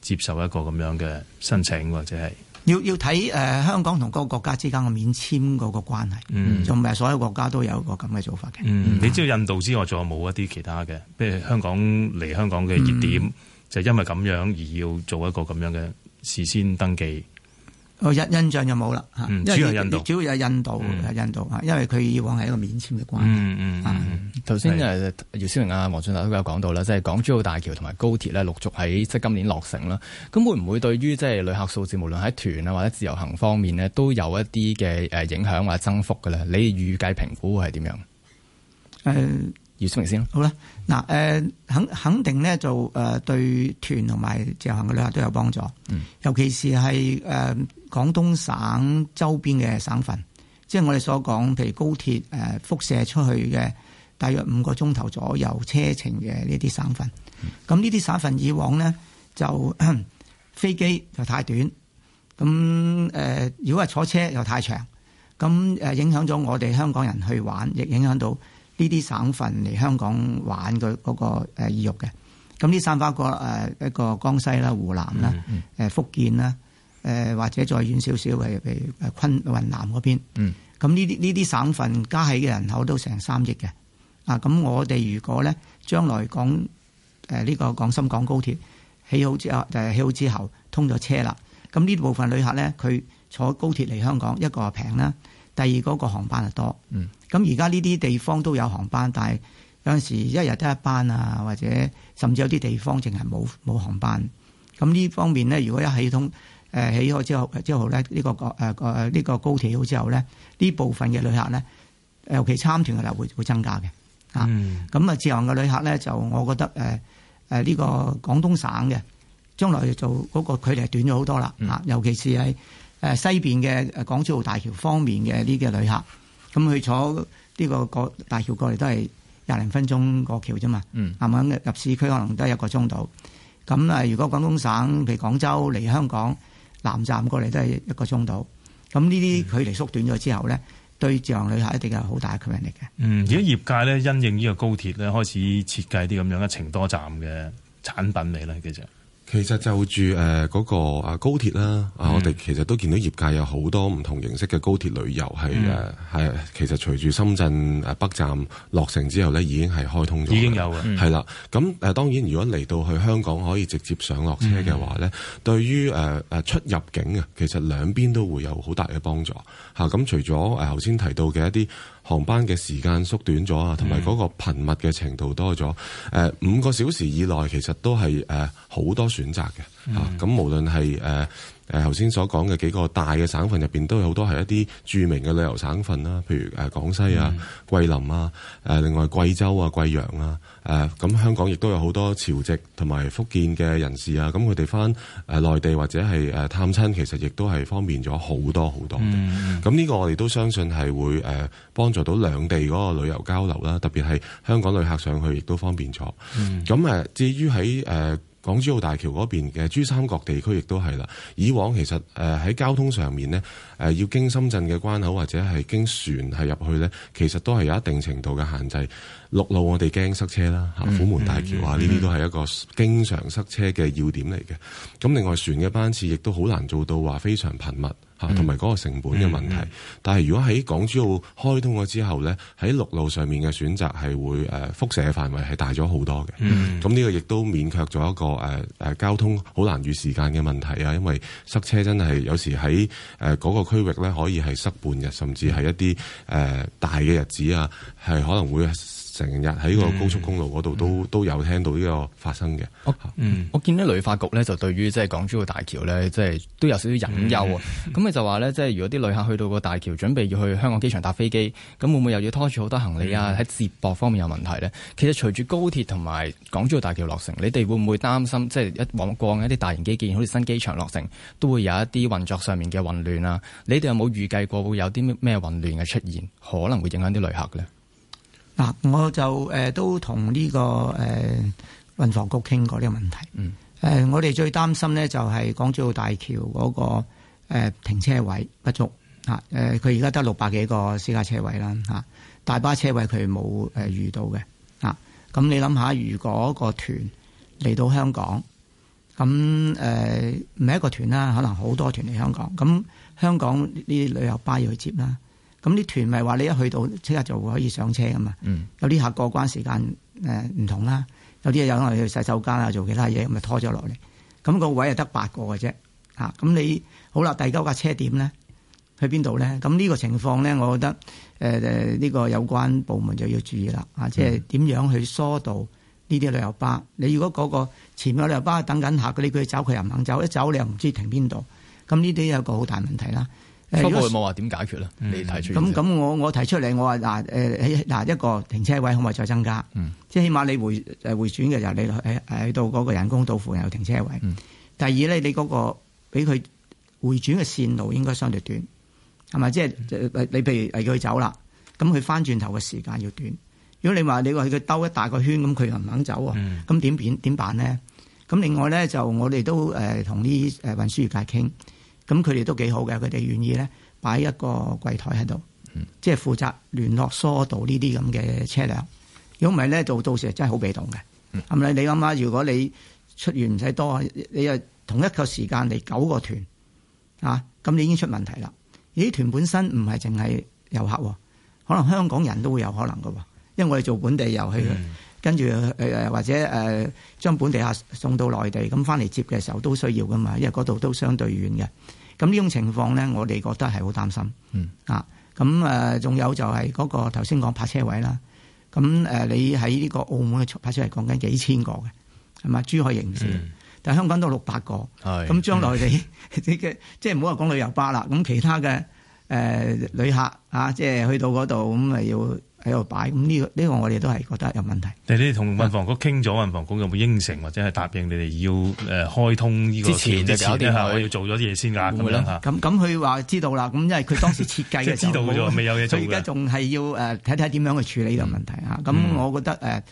接受一個咁樣嘅申請，或者係要要睇誒、呃、香港同各個國家之間嘅免簽嗰個關係。嗯，仲唔係所有國家都有個咁嘅做法嘅？嗯嗯、你知道印度之外仲有冇一啲其他嘅？譬如香港嚟香港嘅熱點，嗯、就是因為咁樣而要做一個咁樣嘅事先登記。印、哦、印象就冇啦嚇，嗯、因為主要印度，嗯、主要係印度印度嚇，嗯、因為佢以往係一個免簽嘅關係。頭先姚思明啊、黃俊達都有講到啦，即係港珠澳大橋同埋高鐵咧陸續喺即係今年落成啦。咁會唔會對於即係旅客數字，無論喺團啊或者自由行方面呢，都有一啲嘅誒影響或者增幅嘅咧？你預計評估係點樣？誒、嗯，姚思明先好啦，嗱、呃、誒，肯定、呃、肯定咧就誒對團同埋自由行嘅旅客都有幫助，嗯、尤其是係誒。呃廣東省周邊嘅省份，即係我哋所講，譬如高鐵誒輻射出去嘅，大約五個鐘頭左右車程嘅呢啲省份。咁呢啲省份以往呢，就飛機又太短，咁誒、呃、如果係坐車又太長，咁誒、呃、影響咗我哋香港人去玩，亦影響到呢啲省份嚟香港玩嘅嗰、那個意欲嘅。咁呢三個誒、呃、一個江西啦、湖南啦、誒、嗯嗯呃、福建啦。誒或者再遠少少，譬如誒誒誒，昆雲南嗰邊，嗯，咁呢啲呢啲省份加起嘅人口都成三億嘅，啊，咁我哋如果咧將來講呢、呢個廣深港高鐵起好之後，起好之後通咗車啦，咁呢部分旅客咧佢坐高鐵嚟香港，一個平啦，第二嗰個航班就多，嗯，咁而家呢啲地方都有航班，但係有陣時一日得一班啊，或者甚至有啲地方淨係冇冇航班，咁呢方面咧，如果一系統誒起好之後，之後咧呢個高誒誒呢個高鐵好之後咧，呢部分嘅旅客咧，尤其參團嘅流會會增加嘅。嗯、啊，咁啊自由行嘅旅客咧，就我覺得誒誒呢個廣東省嘅，將來就嗰、那個距離是短咗好多啦。啊、嗯，尤其是喺誒西邊嘅港珠澳大橋方面嘅呢啲旅客，咁佢坐呢個個大橋過嚟都係廿零分鐘過橋啫嘛。嗯，慢慢、啊、入市區可能都係一個鐘度。咁啊，如果廣東省譬如廣州嚟香港，南站過嚟都係一個鐘度，咁呢啲距離縮短咗之後咧，嗯、對自行旅客一定有好大吸引力嘅。嗯，如果業界咧，因應呢個高鐵咧，開始設計啲咁樣一程多站嘅產品嚟咧，其實。其實就住誒嗰個啊高鐵啦，嗯、啊我哋其實都見到業界有好多唔同形式嘅高鐵旅遊係誒係其實隨住深圳誒、啊、北站落成之後呢已經係開通咗，已經，已經有嘅，係、嗯、啦。咁誒、啊、當然，如果嚟到去香港可以直接上落車嘅話呢、嗯、對於誒、啊、出入境啊，其實兩邊都會有好大嘅幫助嚇咁、啊、除咗誒頭先提到嘅一啲航班嘅時間縮短咗啊，同埋嗰個頻密嘅程度多咗，誒、啊、五個小時以內其實都係誒好多。選擇嘅，吓咁、嗯、無論係誒誒，頭、呃、先、呃、所講嘅幾個大嘅省份入邊，都有好多係一啲著名嘅旅遊省份啦，譬如誒廣、呃、西啊、嗯、桂林啊，誒、呃、另外貴州啊、貴陽啊，誒、呃、咁、嗯、香港亦都有好多潮籍同埋福建嘅人士啊，咁佢哋返誒內地或者係誒探親，其實亦都係方便咗好多好多嘅。咁呢、嗯、個我哋都相信係會誒幫、呃、助到兩地嗰個旅遊交流啦，特別係香港旅客上去亦都方便咗。咁誒、嗯嗯呃、至於喺誒。呃港珠澳大橋嗰邊嘅珠三角地區亦都係啦。以往其實誒喺交通上面呢，誒要經深圳嘅關口或者係經船係入去呢，其實都係有一定程度嘅限制。陸路我哋驚塞車啦，啊、虎門大橋 mm hmm. 啊呢啲、mm hmm. 都係一個經常塞車嘅要點嚟嘅。咁另外船嘅班次亦都好難做到話非常頻密。同埋嗰個成本嘅問題，嗯嗯嗯、但係如果喺港珠澳開通咗之後呢，喺陸路上面嘅選擇係會誒、呃、輻射範圍係大咗好多嘅。咁呢、嗯、個亦都勉強咗一個誒誒、呃、交通好難預時間嘅問題啊，因為塞車真係有時喺誒嗰個區域呢，可以係塞半日，甚至係一啲誒、呃、大嘅日子啊，係可能會。成日喺個高速公路嗰度都、嗯嗯、都有聽到呢個發生嘅。我嗯，我見呢旅發局呢，就對於即係港珠澳大橋呢，即、就、係、是、都有少少隱憂啊。咁佢、嗯嗯、就話呢，即、就、係、是、如果啲旅客去到個大橋，準備要去香港機場搭飛機，咁會唔會又要拖住好多行李啊？喺接駁方面有問題呢？其實隨住高鐵同埋港珠澳大橋落成，你哋會唔會擔心即係、就是、一往過一啲大型基建，好似新機場落成，都會有一啲運作上面嘅混亂啊。你哋有冇預計過會有啲咩混亂嘅出現，可能會影響啲旅客呢？嗱、啊，我就誒、呃、都同呢、這個誒、呃、運房局傾過呢個問題。誒、嗯呃，我哋最擔心咧就係港珠澳大橋嗰、那個、呃、停車位不足。嚇、啊，佢而家得六百幾個私家車位啦、啊。大巴車位佢冇、呃、遇到嘅。咁、啊、你諗下，如果個團嚟到香港，咁誒唔係一個團啦，可能好多團嚟香港。咁香港呢啲旅遊巴要去接啦。咁啲團咪話你一去到即刻就會可以上車噶嘛？嗯、有啲客過關時間唔同啦，有啲嘢有可能去洗手間啊，做其他嘢，咪拖咗落嚟。咁、個位係得八個嘅啫，咁、啊、你好啦，第九架車點咧？去邊度咧？咁呢個情況咧，我覺得呢、呃呢個有關部門就要注意啦。即係點樣去疏導呢啲旅遊巴？你如果嗰個前面旅遊巴等緊客，你叫佢走佢又唔肯走，一走你又唔知停邊度。咁呢啲有個好大問題啦。初步有冇話點解決咧？嗯，你提出咁，咁，那那我我提出嚟，我話嗱，誒，喺嗱，一個停車位可唔可以再增加？嗯，即係起碼你回誒回轉嘅時候，你喺誒到嗰個人工島附近有停車位。嗯，第二咧，你嗰個俾佢回轉嘅綫路應該相對短，係咪？即係你譬如誒佢走啦，咁佢翻轉頭嘅時間要短。如果你話你話佢兜一大個圈，咁佢又唔肯走，咁點變點辦咧？咁另外咧就我哋都誒同呢啲誒運輸業界傾。咁佢哋都幾好嘅，佢哋願意咧擺一個櫃台喺度，嗯、即係負責聯絡疏導呢啲咁嘅車輛。如果唔係咧，就到時就真係好被動嘅。咁、嗯、你你諗下，如果你出現唔使多，你又同一個時間嚟九個團啊，咁你已經出問題啦。咦？團本身唔係淨係遊客，可能香港人都會有可能喎。因為我哋做本地遊去、嗯、跟住、呃、或者誒、呃、將本地客送到內地，咁翻嚟接嘅時候都需要㗎嘛，因為嗰度都相對遠嘅。咁呢種情況咧，我哋覺得係好擔心。嗯，啊，咁誒，仲有就係嗰個頭先講泊車位啦。咁誒，你喺呢個澳門嘅泊車位係講緊幾千個嘅，係嘛？珠海形式，但係香港都六百個。係。咁將來你嘅即係唔好話講旅遊巴啦，咁其他嘅誒旅客啊，即係去到嗰度咁啊要。喺度擺咁呢個呢、這個我哋都係覺得有問題。但係你同運房局傾咗，運房局有冇應承或者係答應你哋要誒、呃、開通呢、這個？之前，之前我要做咗啲嘢先噶。咁咁佢話知道啦，咁因為佢當時設計嘅時候冇，所以而家仲係要誒睇睇點樣去處理呢個問題咁、嗯、我覺得誒，佢、呃、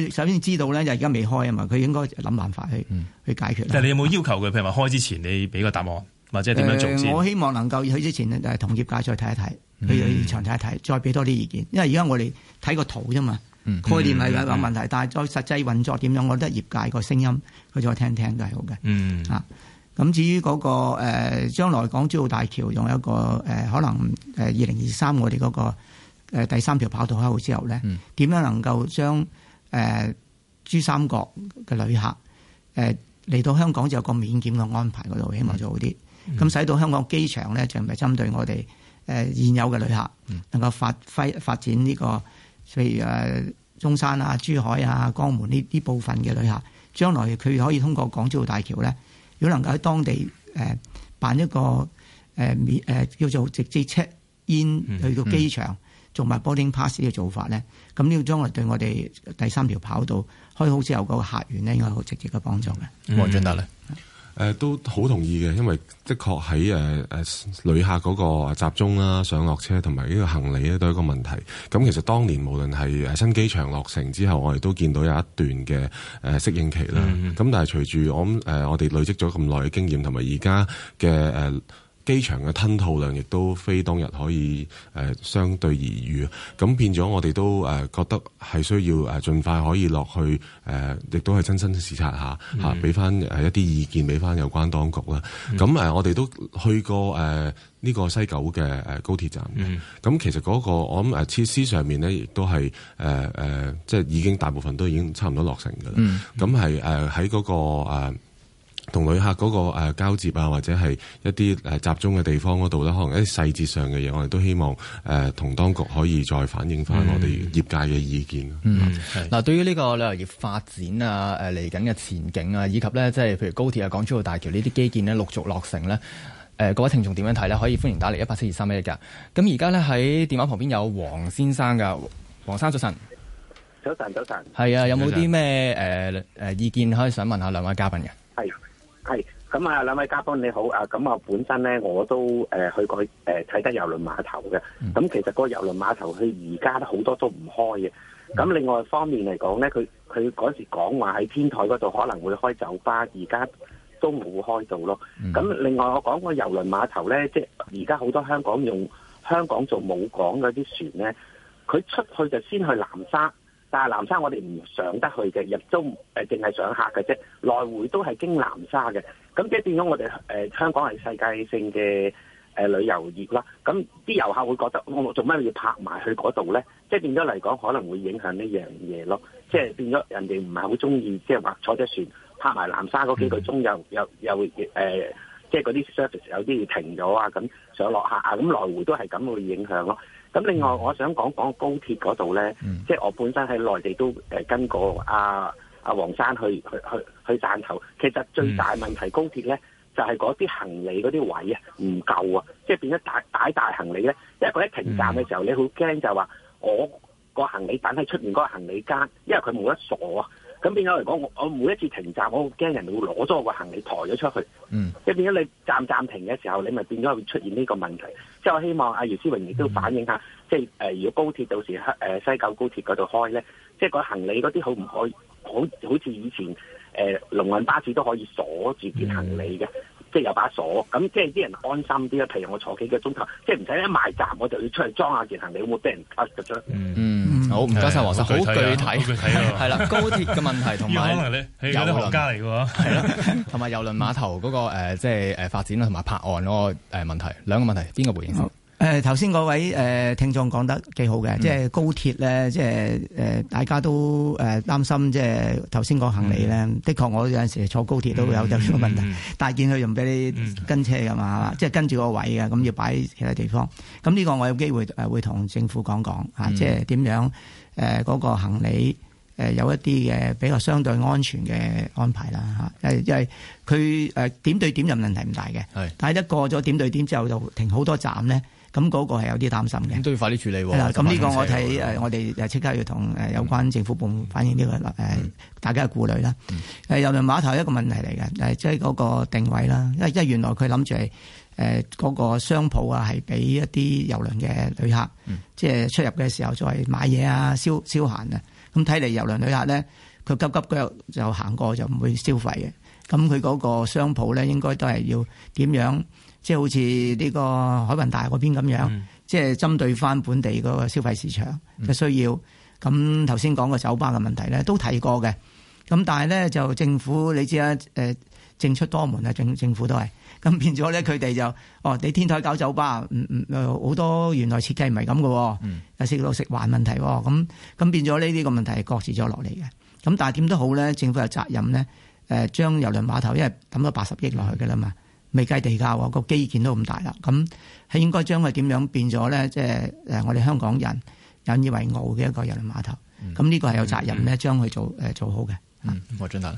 佢首先知道咧，就而家未開啊嘛，佢應該諗辦法去、嗯、去解決。但係你有冇要求佢？譬如話開之前，你俾個答案。或者點樣做、呃？我希望能夠去之前誒同業界再睇一睇，嗯、去現場睇一睇，再俾多啲意見。因為而家我哋睇個圖啫嘛，嗯、概念係有個問題，嗯嗯、但係再實際運作點樣，我覺得業界個聲音佢再聽聽都係好嘅。嗯，吓咁、啊、至於嗰、那個誒，將來港珠澳大橋用一個誒，可能誒二零二三我哋嗰個誒第三條跑道開好之後咧，點、嗯、樣能夠將誒珠三角嘅旅客誒嚟、呃、到香港就有個免檢嘅安排嗰度，希望就好啲。咁、嗯、使到香港機場咧，就唔係針對我哋誒現有嘅旅客，嗯、能夠發揮發展呢、這個譬如誒中山啊、珠海啊、江門呢啲部分嘅旅客，將來佢可以通過港珠澳大橋咧，如果能夠喺當地誒、呃、辦一個誒免誒叫做直接 check in 去到機場，嗯嗯、做埋 boarding pass 嘅做法咧，咁呢個將來對我哋第三條跑道開好之後個客源咧，應該係好直接嘅幫助嘅。黃進達咧。嗯誒、呃、都好同意嘅，因為的確喺誒誒旅客嗰個集中啦、啊、上落車同埋呢個行李咧都係一個問題。咁、嗯、其實當年無論係、呃、新機場落成之後，我哋都見到有一段嘅誒、呃、適應期啦。咁、嗯嗯、但係隨住我諗、呃、我哋累積咗咁耐嘅經驗，同埋而家嘅機場嘅吞吐量亦都非當日可以誒、呃、相對而語，咁變咗我哋都誒、呃、覺得係需要誒盡快可以落去誒、呃，亦都係親身視察下吓，俾翻誒一啲意見，俾翻有關當局啦。咁誒、mm hmm.，我哋都去過誒呢、呃呢個西九嘅誒高鐵站，咁、mm hmm. 其實嗰、嗰個我諗誒設施上面咧，亦都係誒誒，即係已經大部分都已經差唔多落成㗎喇。咁係誒喺嗰個、呃同旅客嗰個交接啊，或者係一啲誒集中嘅地方嗰度咧，可能一啲細節上嘅嘢，我哋都希望誒同、呃、當局可以再反映翻我哋業界嘅意見。嗱、嗯係嗯，對於呢個旅遊業發展啊，誒嚟緊嘅前景啊，以及呢，即係譬如高鐵啊、港珠澳大橋呢啲基建呢，陸續落成呢，誒、呃、各位聽眾點樣睇呢？可以歡迎打嚟一八七二三一一嘅。咁而家呢，喺電話旁邊有黃先生㗎。黃生早晨，早晨，早晨早晨，係啊，有冇啲咩誒誒意見可以想問下兩位嘉賓嘅？係。係咁啊，兩位嘉賓你好啊！咁啊，本身咧我都誒、呃、去過誒睇得郵輪碼頭嘅。咁其實個郵輪碼頭佢而家都好多都唔開嘅。咁另外方面嚟講咧，佢佢嗰時講話喺天台嗰度可能會開酒吧，而家都冇開到咯。咁另外我講個郵輪碼頭咧，即而家好多香港用香港做母港嗰啲船咧，佢出去就先去南沙，啊！但南沙我哋唔上得去嘅，日中誒淨係上客嘅啫，來回都係經南沙嘅。咁即係變咗我哋誒、呃、香港係世界性嘅誒、呃、旅遊業啦。咁啲遊客會覺得我做咩要泊埋去嗰度咧？即係變咗嚟講，可能會影響呢樣嘢咯。即係變咗人哋唔係好中意，即係話坐隻船泊埋南沙嗰幾個鐘，又又又誒，即係啲 service 有啲要停咗啊！咁上落客啊，咁來回都係咁會影響咯。咁另外，我想講講高鐵嗰度咧，嗯、即係我本身喺內地都跟過阿阿黃生去去去去汕頭。其實最大問題、嗯、高鐵咧，就係嗰啲行李嗰啲位啊，唔夠啊，即係變咗帶大，大，大行李咧。因為佢喺停站嘅時候，嗯、你好驚就話我個行李擺喺出面嗰個行李間，因為佢冇得鎖啊。咁變咗嚟講，我我每一次停站，我驚人會攞咗我個行李抬咗出去。嗯，即係變咗你站站停嘅時候，你咪變咗會出現呢個問題。即係我希望阿姚思榮亦都反映下，嗯、即係、呃、如果高鐵到時、呃、西九高鐵嗰度開咧，即係個行李嗰啲好唔可以好好似以前誒、呃、龍運巴士都可以鎖住件行李嘅，嗯、即係有把鎖。咁即係啲人安心啲啦。譬如我坐幾個鐘頭，即係唔使一埋站我就要出去裝下件行李，會唔會俾人甩咗出？嗯。嗯。好，唔該晒，黃生，好具體，係啦， (laughs) 高鐵嘅問題同埋遊家嚟咧，係啦， (laughs) 同埋郵輪碼頭嗰個即係誒發展啦，同埋泊岸嗰個誒問題，兩個問題，邊個回應先？誒，頭先嗰位誒、呃、聽眾講得幾好嘅、嗯，即係高鐵咧，即係誒，大家都誒擔心，即係頭先講行李咧，嗯、的確我有陣時坐高鐵都會有就呢個問題，嗯嗯嗯、但係見佢又唔俾你跟車噶嘛，嗯、即係跟住個位嘅，咁要擺其他地方，咁呢個我有機會誒會同政府講講，啊，嗯、即係點樣誒嗰、呃嗰個行李誒有一啲嘅比較相對安全嘅安排啦，吓、啊，誒，因為佢誒點對點就問題唔大嘅，係是，但係一過咗點對點之後就停好多站咧。咁嗰個係有啲擔心嘅，都要快啲處理，喎了。咁呢個我睇、嗯、我哋誒即刻要同有關政府部門反映呢、呢個、嗯呃嗯、大家嘅顧慮啦。誒郵輪碼頭係一個問題嚟嘅，呃，即係嗰個定位啦，因為因為原來佢諗住係誒嗰個商鋪啊，係俾一啲郵輪嘅旅客，嗯、即係出入嘅時候再買嘢啊，消消閒啊。咁睇嚟郵輪旅客咧，佢急急腳就行過就唔會消費嘅。咁佢嗰個商鋪咧，應該都係要點樣？即好似呢個海運大嗰邊咁樣，嗯、即係針對翻本地嗰個消費市場嘅需要。咁頭先講個酒吧嘅問題咧，都提過嘅。咁但係咧就政府，你知啦，誒、呃、政出多門啊，政政府都係咁變咗咧，佢哋就哦你天台搞酒吧，唔唔好多原來設計唔係咁嘅，喎、嗯，涉及到食環問題。咁咁變咗呢啲個問題係擱置咗落嚟嘅。咁但係點都好咧，政府有責任咧，誒、呃、將郵輪碼頭因為抌咗八十億落去嘅啦嘛。嗯未計地價，個基建都咁大啦，咁係應該將佢點樣變咗咧？即係誒，我哋香港人引以為傲嘅一個郵輪碼頭，咁呢個係有責任咧，將佢做誒做好嘅。嗯，黃進達。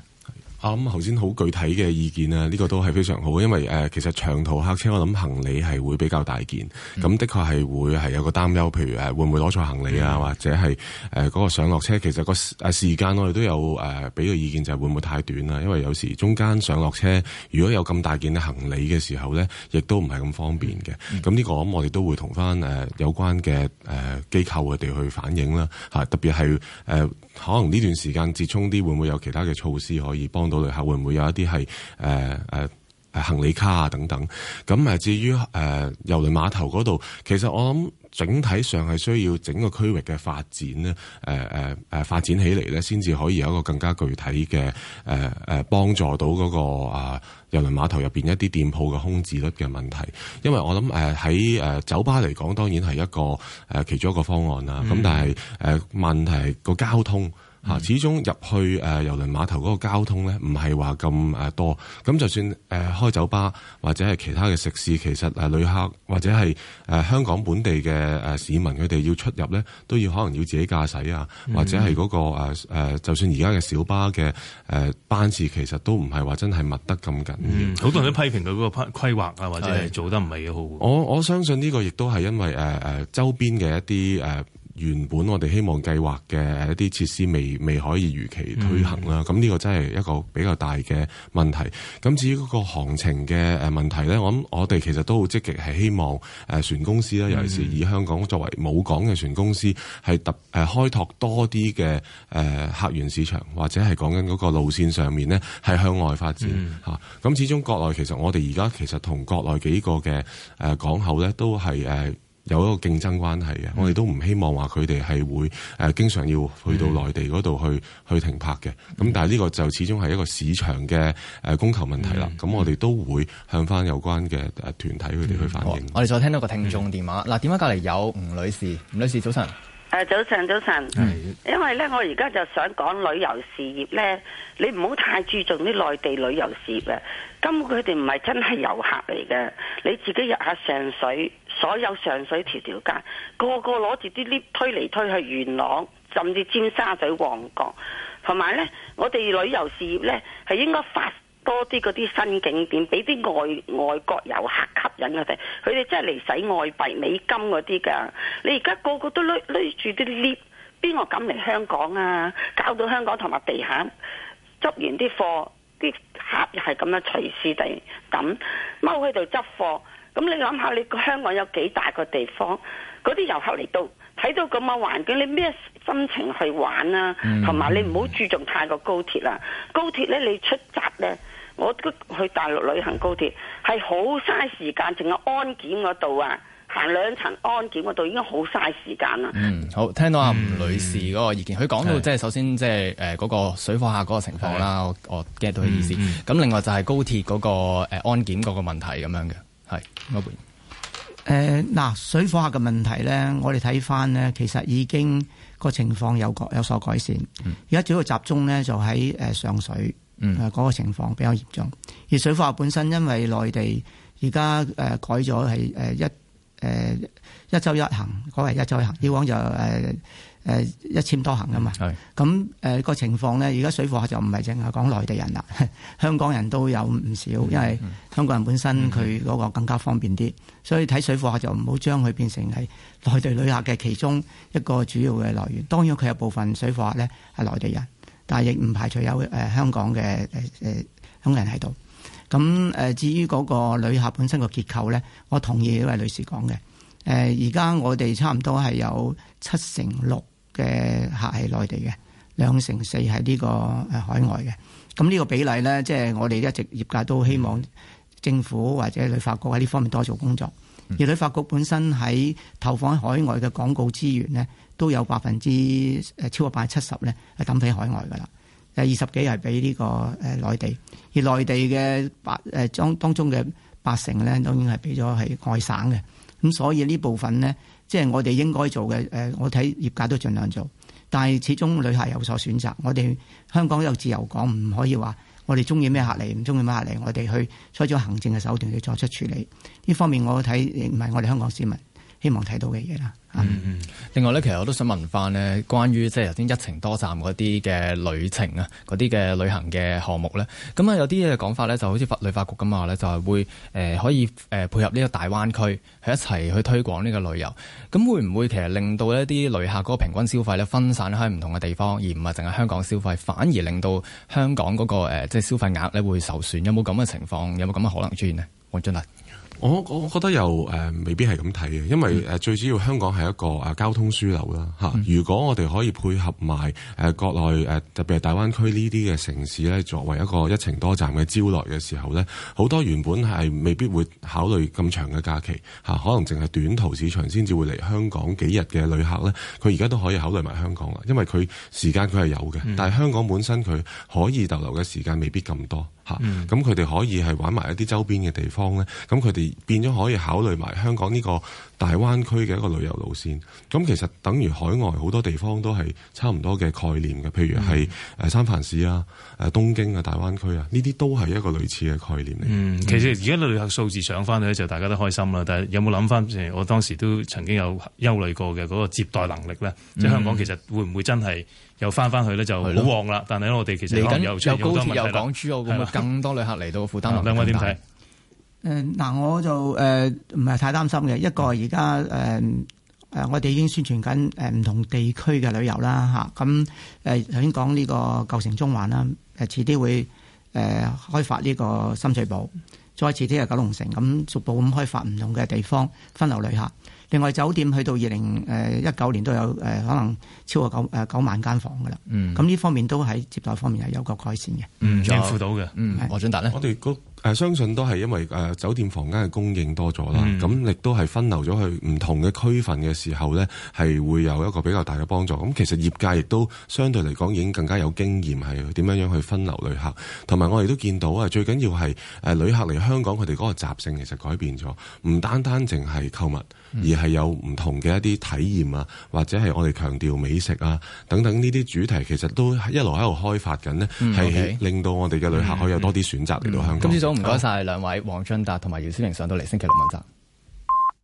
啊，咁頭先好具體嘅意見啊，呢、這個都係非常好，因為誒、呃、其實長途客車我諗行李係會比較大件，咁的確係會係有個擔憂，譬如誒會唔會攞錯行李啊，或者係誒嗰個上落車其實，那個誒、啊、時間我哋都有誒俾、呃、個意見就係會唔會太短啊？因為有時中間上落車如果有咁大件嘅行李嘅時候咧，亦都唔係咁方便嘅。咁呢、這個咁我哋都會同翻誒有關嘅誒、呃、機構佢哋去反映啦，吓、呃，特別係誒、呃、可能呢段時間接湧啲會唔會有其他嘅措施可以幫。到嚟後會唔會有一啲係誒誒誒行李卡啊等等？咁啊至於誒郵輪碼頭嗰度，其實我諗整體上係需要整個區域嘅發展咧，誒誒誒發展起嚟咧，先至可以有一個更加具體嘅誒誒幫助到嗰、那個啊郵輪碼頭入邊一啲店鋪嘅空置率嘅問題。因為我諗誒喺誒酒吧嚟講，當然係一個誒、呃、其中一個方案啦。咁、嗯、但係誒、呃、問題係個交通。嚇，始終入去誒郵輪碼頭嗰個交通咧，唔係話咁多。咁就算誒開酒吧或者係其他嘅食肆，其實誒旅客或者係誒香港本地嘅市民，佢哋要出入咧，都要可能要自己駕駛啊，嗯、或者係嗰、嗰個誒就算而家嘅小巴嘅誒班次，其實都唔係話真係密得咁緊要。好、嗯、多人都批評佢嗰個規劃啊，是或者係做得唔係幾好。我我相信呢個亦都係因為誒、呃、周邊嘅一啲誒。呃原本我哋希望計劃嘅一啲設施未未可以如期推行啦，咁呢、嗯、個真係一個比較大嘅問題。咁至於嗰個行程嘅誒問題呢，我諗我哋其實都好積極，係希望誒船公司啦，尤其是以香港作為母港嘅船公司，係特誒開拓多啲嘅誒客源市場，或者係講緊嗰個路線上面呢，係向外發展嚇。咁、嗯、始終國內其實我哋而家其實同國內幾個嘅誒港口呢，都係有一個競爭關係嘅，嗯、我哋都唔希望話佢哋係會、呃、經常要去到內地嗰度去、嗯、去停泊嘅。咁、嗯、但係呢個就始終係一個市場嘅、呃、供求問題啦。咁、嗯嗯、我哋都會向返有關嘅、呃、團體佢哋去反映。我哋再聽到個聽眾電話，嗱，點解隔籬有吳女士？吳女士早晨、啊。早晨早晨。嗯、因為咧，我而家就想講旅遊事業咧，你唔好太注重啲內地旅遊事業嘅，根本佢哋唔係真係遊客嚟嘅。你自己入下上水。所有上水條條街，個個攞住啲 lift 推嚟推去元朗，甚至尖沙咀旺角。同埋呢，我哋旅遊事業呢係應該發多啲嗰啲新景點，俾啲外外國遊客吸引佢哋。佢哋真係嚟使外幣美金嗰啲㗎。你而家個個都攞住啲 lift，邊個敢嚟香港啊？搞到香港同埋地下執完啲貨，啲客又係咁樣隨時地咁踎喺度執貨。咁你諗下，你香港有幾大個地方？嗰啲遊客嚟到睇到咁嘅環境，你咩心情去玩啊？同埋、嗯、你唔好注重太過高鐵啦。高鐵咧，你出閘咧，我都去大陸旅行高鐵係好嘥時間，淨係安檢嗰度啊，行兩層安檢嗰度已該好嘥時間啦。嗯，好，聽到阿吳女士嗰個意見，佢講、嗯、到即係首先即係嗰個水貨客嗰個情況啦，的我 get 到佢意思。咁、嗯、另外就係高鐵嗰個安檢嗰個問題咁樣嘅。係，阿本，嗱、呃，水貨客嘅問題咧，我哋睇翻咧，其實已經個情況有改有所改善。而家主要集中咧，就喺誒上水，誒嗰個情況比較嚴重。而水貨客本身，因為內地而家誒改咗係誒一誒、呃、一周一行，改、那、為、個、一周一行。以往就誒。呃誒，一簽多行噶嘛，咁誒是、嗯，那個情況咧，而家水貨客就唔係淨係講內地人啦，香港人都有唔少，因為香港人本身佢嗰個更加方便啲，所以睇水貨客就唔好將佢變成係內地旅客嘅其中一個主要嘅來源。當然佢有部分水貨客咧係內地人，但係亦唔排除有誒香港嘅誒誒香港人喺度。咁誒、呃、至於嗰個旅客本身個結構咧，我同意呢位女士講嘅。誒而家我哋差唔多係有七成六。嘅客係內地嘅，兩成四係呢個海外嘅。咁呢個比例咧，即係我哋一直業界都希望政府或者旅發局喺呢方面多做工作。嗯、而旅發局本身喺投放喺海外嘅廣告資源咧，都有百分之、呃、超過百分之七十咧，係抌喺海外噶啦。呃、二十幾係俾呢個、呃、內地，而內地嘅八誒當、當中嘅八成咧，當然係俾咗係外省嘅。咁所以呢部分咧。即係我哋應該做嘅，誒，我睇業界都盡量做，但係始終旅客有所選擇。我哋香港有自由港，唔可以話我哋中意咩客嚟，唔中意咩客嚟，我哋去採取行政嘅手段去作出處理。呢方面我睇唔係我哋香港市民。希望睇到嘅嘢啦。嗯，另外咧，其實我都想問翻咧，關於即係頭先一程多站嗰啲嘅旅程啊，嗰啲嘅旅行嘅項目咧，咁啊有啲嘅講法咧，就好似法旅發局咁話咧，就係、是、會、呃、可以呃配合呢個大灣區，去一齊去推廣呢個旅遊。咁會唔會其實令到一啲旅客嗰個平均消費咧分散喺唔同嘅地方，而唔係淨係香港消費，反而令到香港嗰、那個即係、呃就是、消費額咧會受損？有冇咁嘅情況？有冇咁嘅可能出現呢？黃進達。我我覺得又誒、呃、未必係咁睇嘅，因為誒、呃、最主要香港係一個、啊、交通樞紐啦，啊嗯、如果我哋可以配合埋誒、啊、國內誒、啊、特別係大灣區呢啲嘅城市咧，作為一個一程多站嘅招來嘅時候咧，好多原本係未必會考慮咁長嘅假期、啊、可能淨係短途市場先至會嚟香港幾日嘅旅客咧，佢而家都可以考慮埋香港啦，因為佢時間佢係有嘅，嗯、但係香港本身佢可以逗留嘅時間未必咁多。嚇！咁佢哋可以係玩埋一啲周邊嘅地方咧，咁佢哋變咗可以考慮埋香港呢個大灣區嘅一個旅遊路線。咁其實等於海外好多地方都係差唔多嘅概念嘅，譬如係誒三藩市啊、誒東京啊、大灣區啊，呢啲都係一個類似嘅概念嚟、嗯。嗯，其實而家旅客數字上翻去咧，就大家都開心啦。但係有冇諗翻？我當時都曾經有憂慮過嘅嗰個接待能力咧，即係、嗯、香港其實會唔會真係？又翻翻去咧就好旺啦，但係我哋其實嚟緊又高鐵又港珠澳咁更多旅客嚟到負擔，兩位點睇？誒嗱，我就唔係、呃、太擔心嘅。一個係而家、呃、我哋已經宣傳緊唔同地區嘅旅遊啦嚇。咁誒頭先講呢個舊城中環啦，誒遲啲會誒、呃、開發呢個深水埗，再遲啲係九龍城，咁逐步咁開發唔同嘅地方，分流旅客。另外酒店去到二零誒一九年都有、呃、可能超過九、呃、九萬間房噶啦。嗯，咁呢方面都喺接待方面係有一個改善嘅，應付到嘅。嗯，黃進、嗯、我達咧，我哋、呃、相信都係因為誒、呃、酒店房間嘅供應多咗啦，咁亦、嗯、都係分流咗去唔同嘅區份嘅時候咧，係會有一個比較大嘅幫助。咁、嗯、其實業界亦都相對嚟講已經更加有經驗，係點樣樣去分流旅客，同埋我哋都見到啊。最緊要係誒旅客嚟香港，佢哋嗰個習性其實改變咗，唔單單淨係購物。而係有唔同嘅一啲體驗啊，或者係我哋強調美食啊等等呢啲主題，其實都一路喺度開發緊。呢係令到我哋嘅旅客可以有多啲選擇嚟到香港。今朝總唔該曬兩位黃，啊、進達同埋姚思榮上到嚟星期六問集。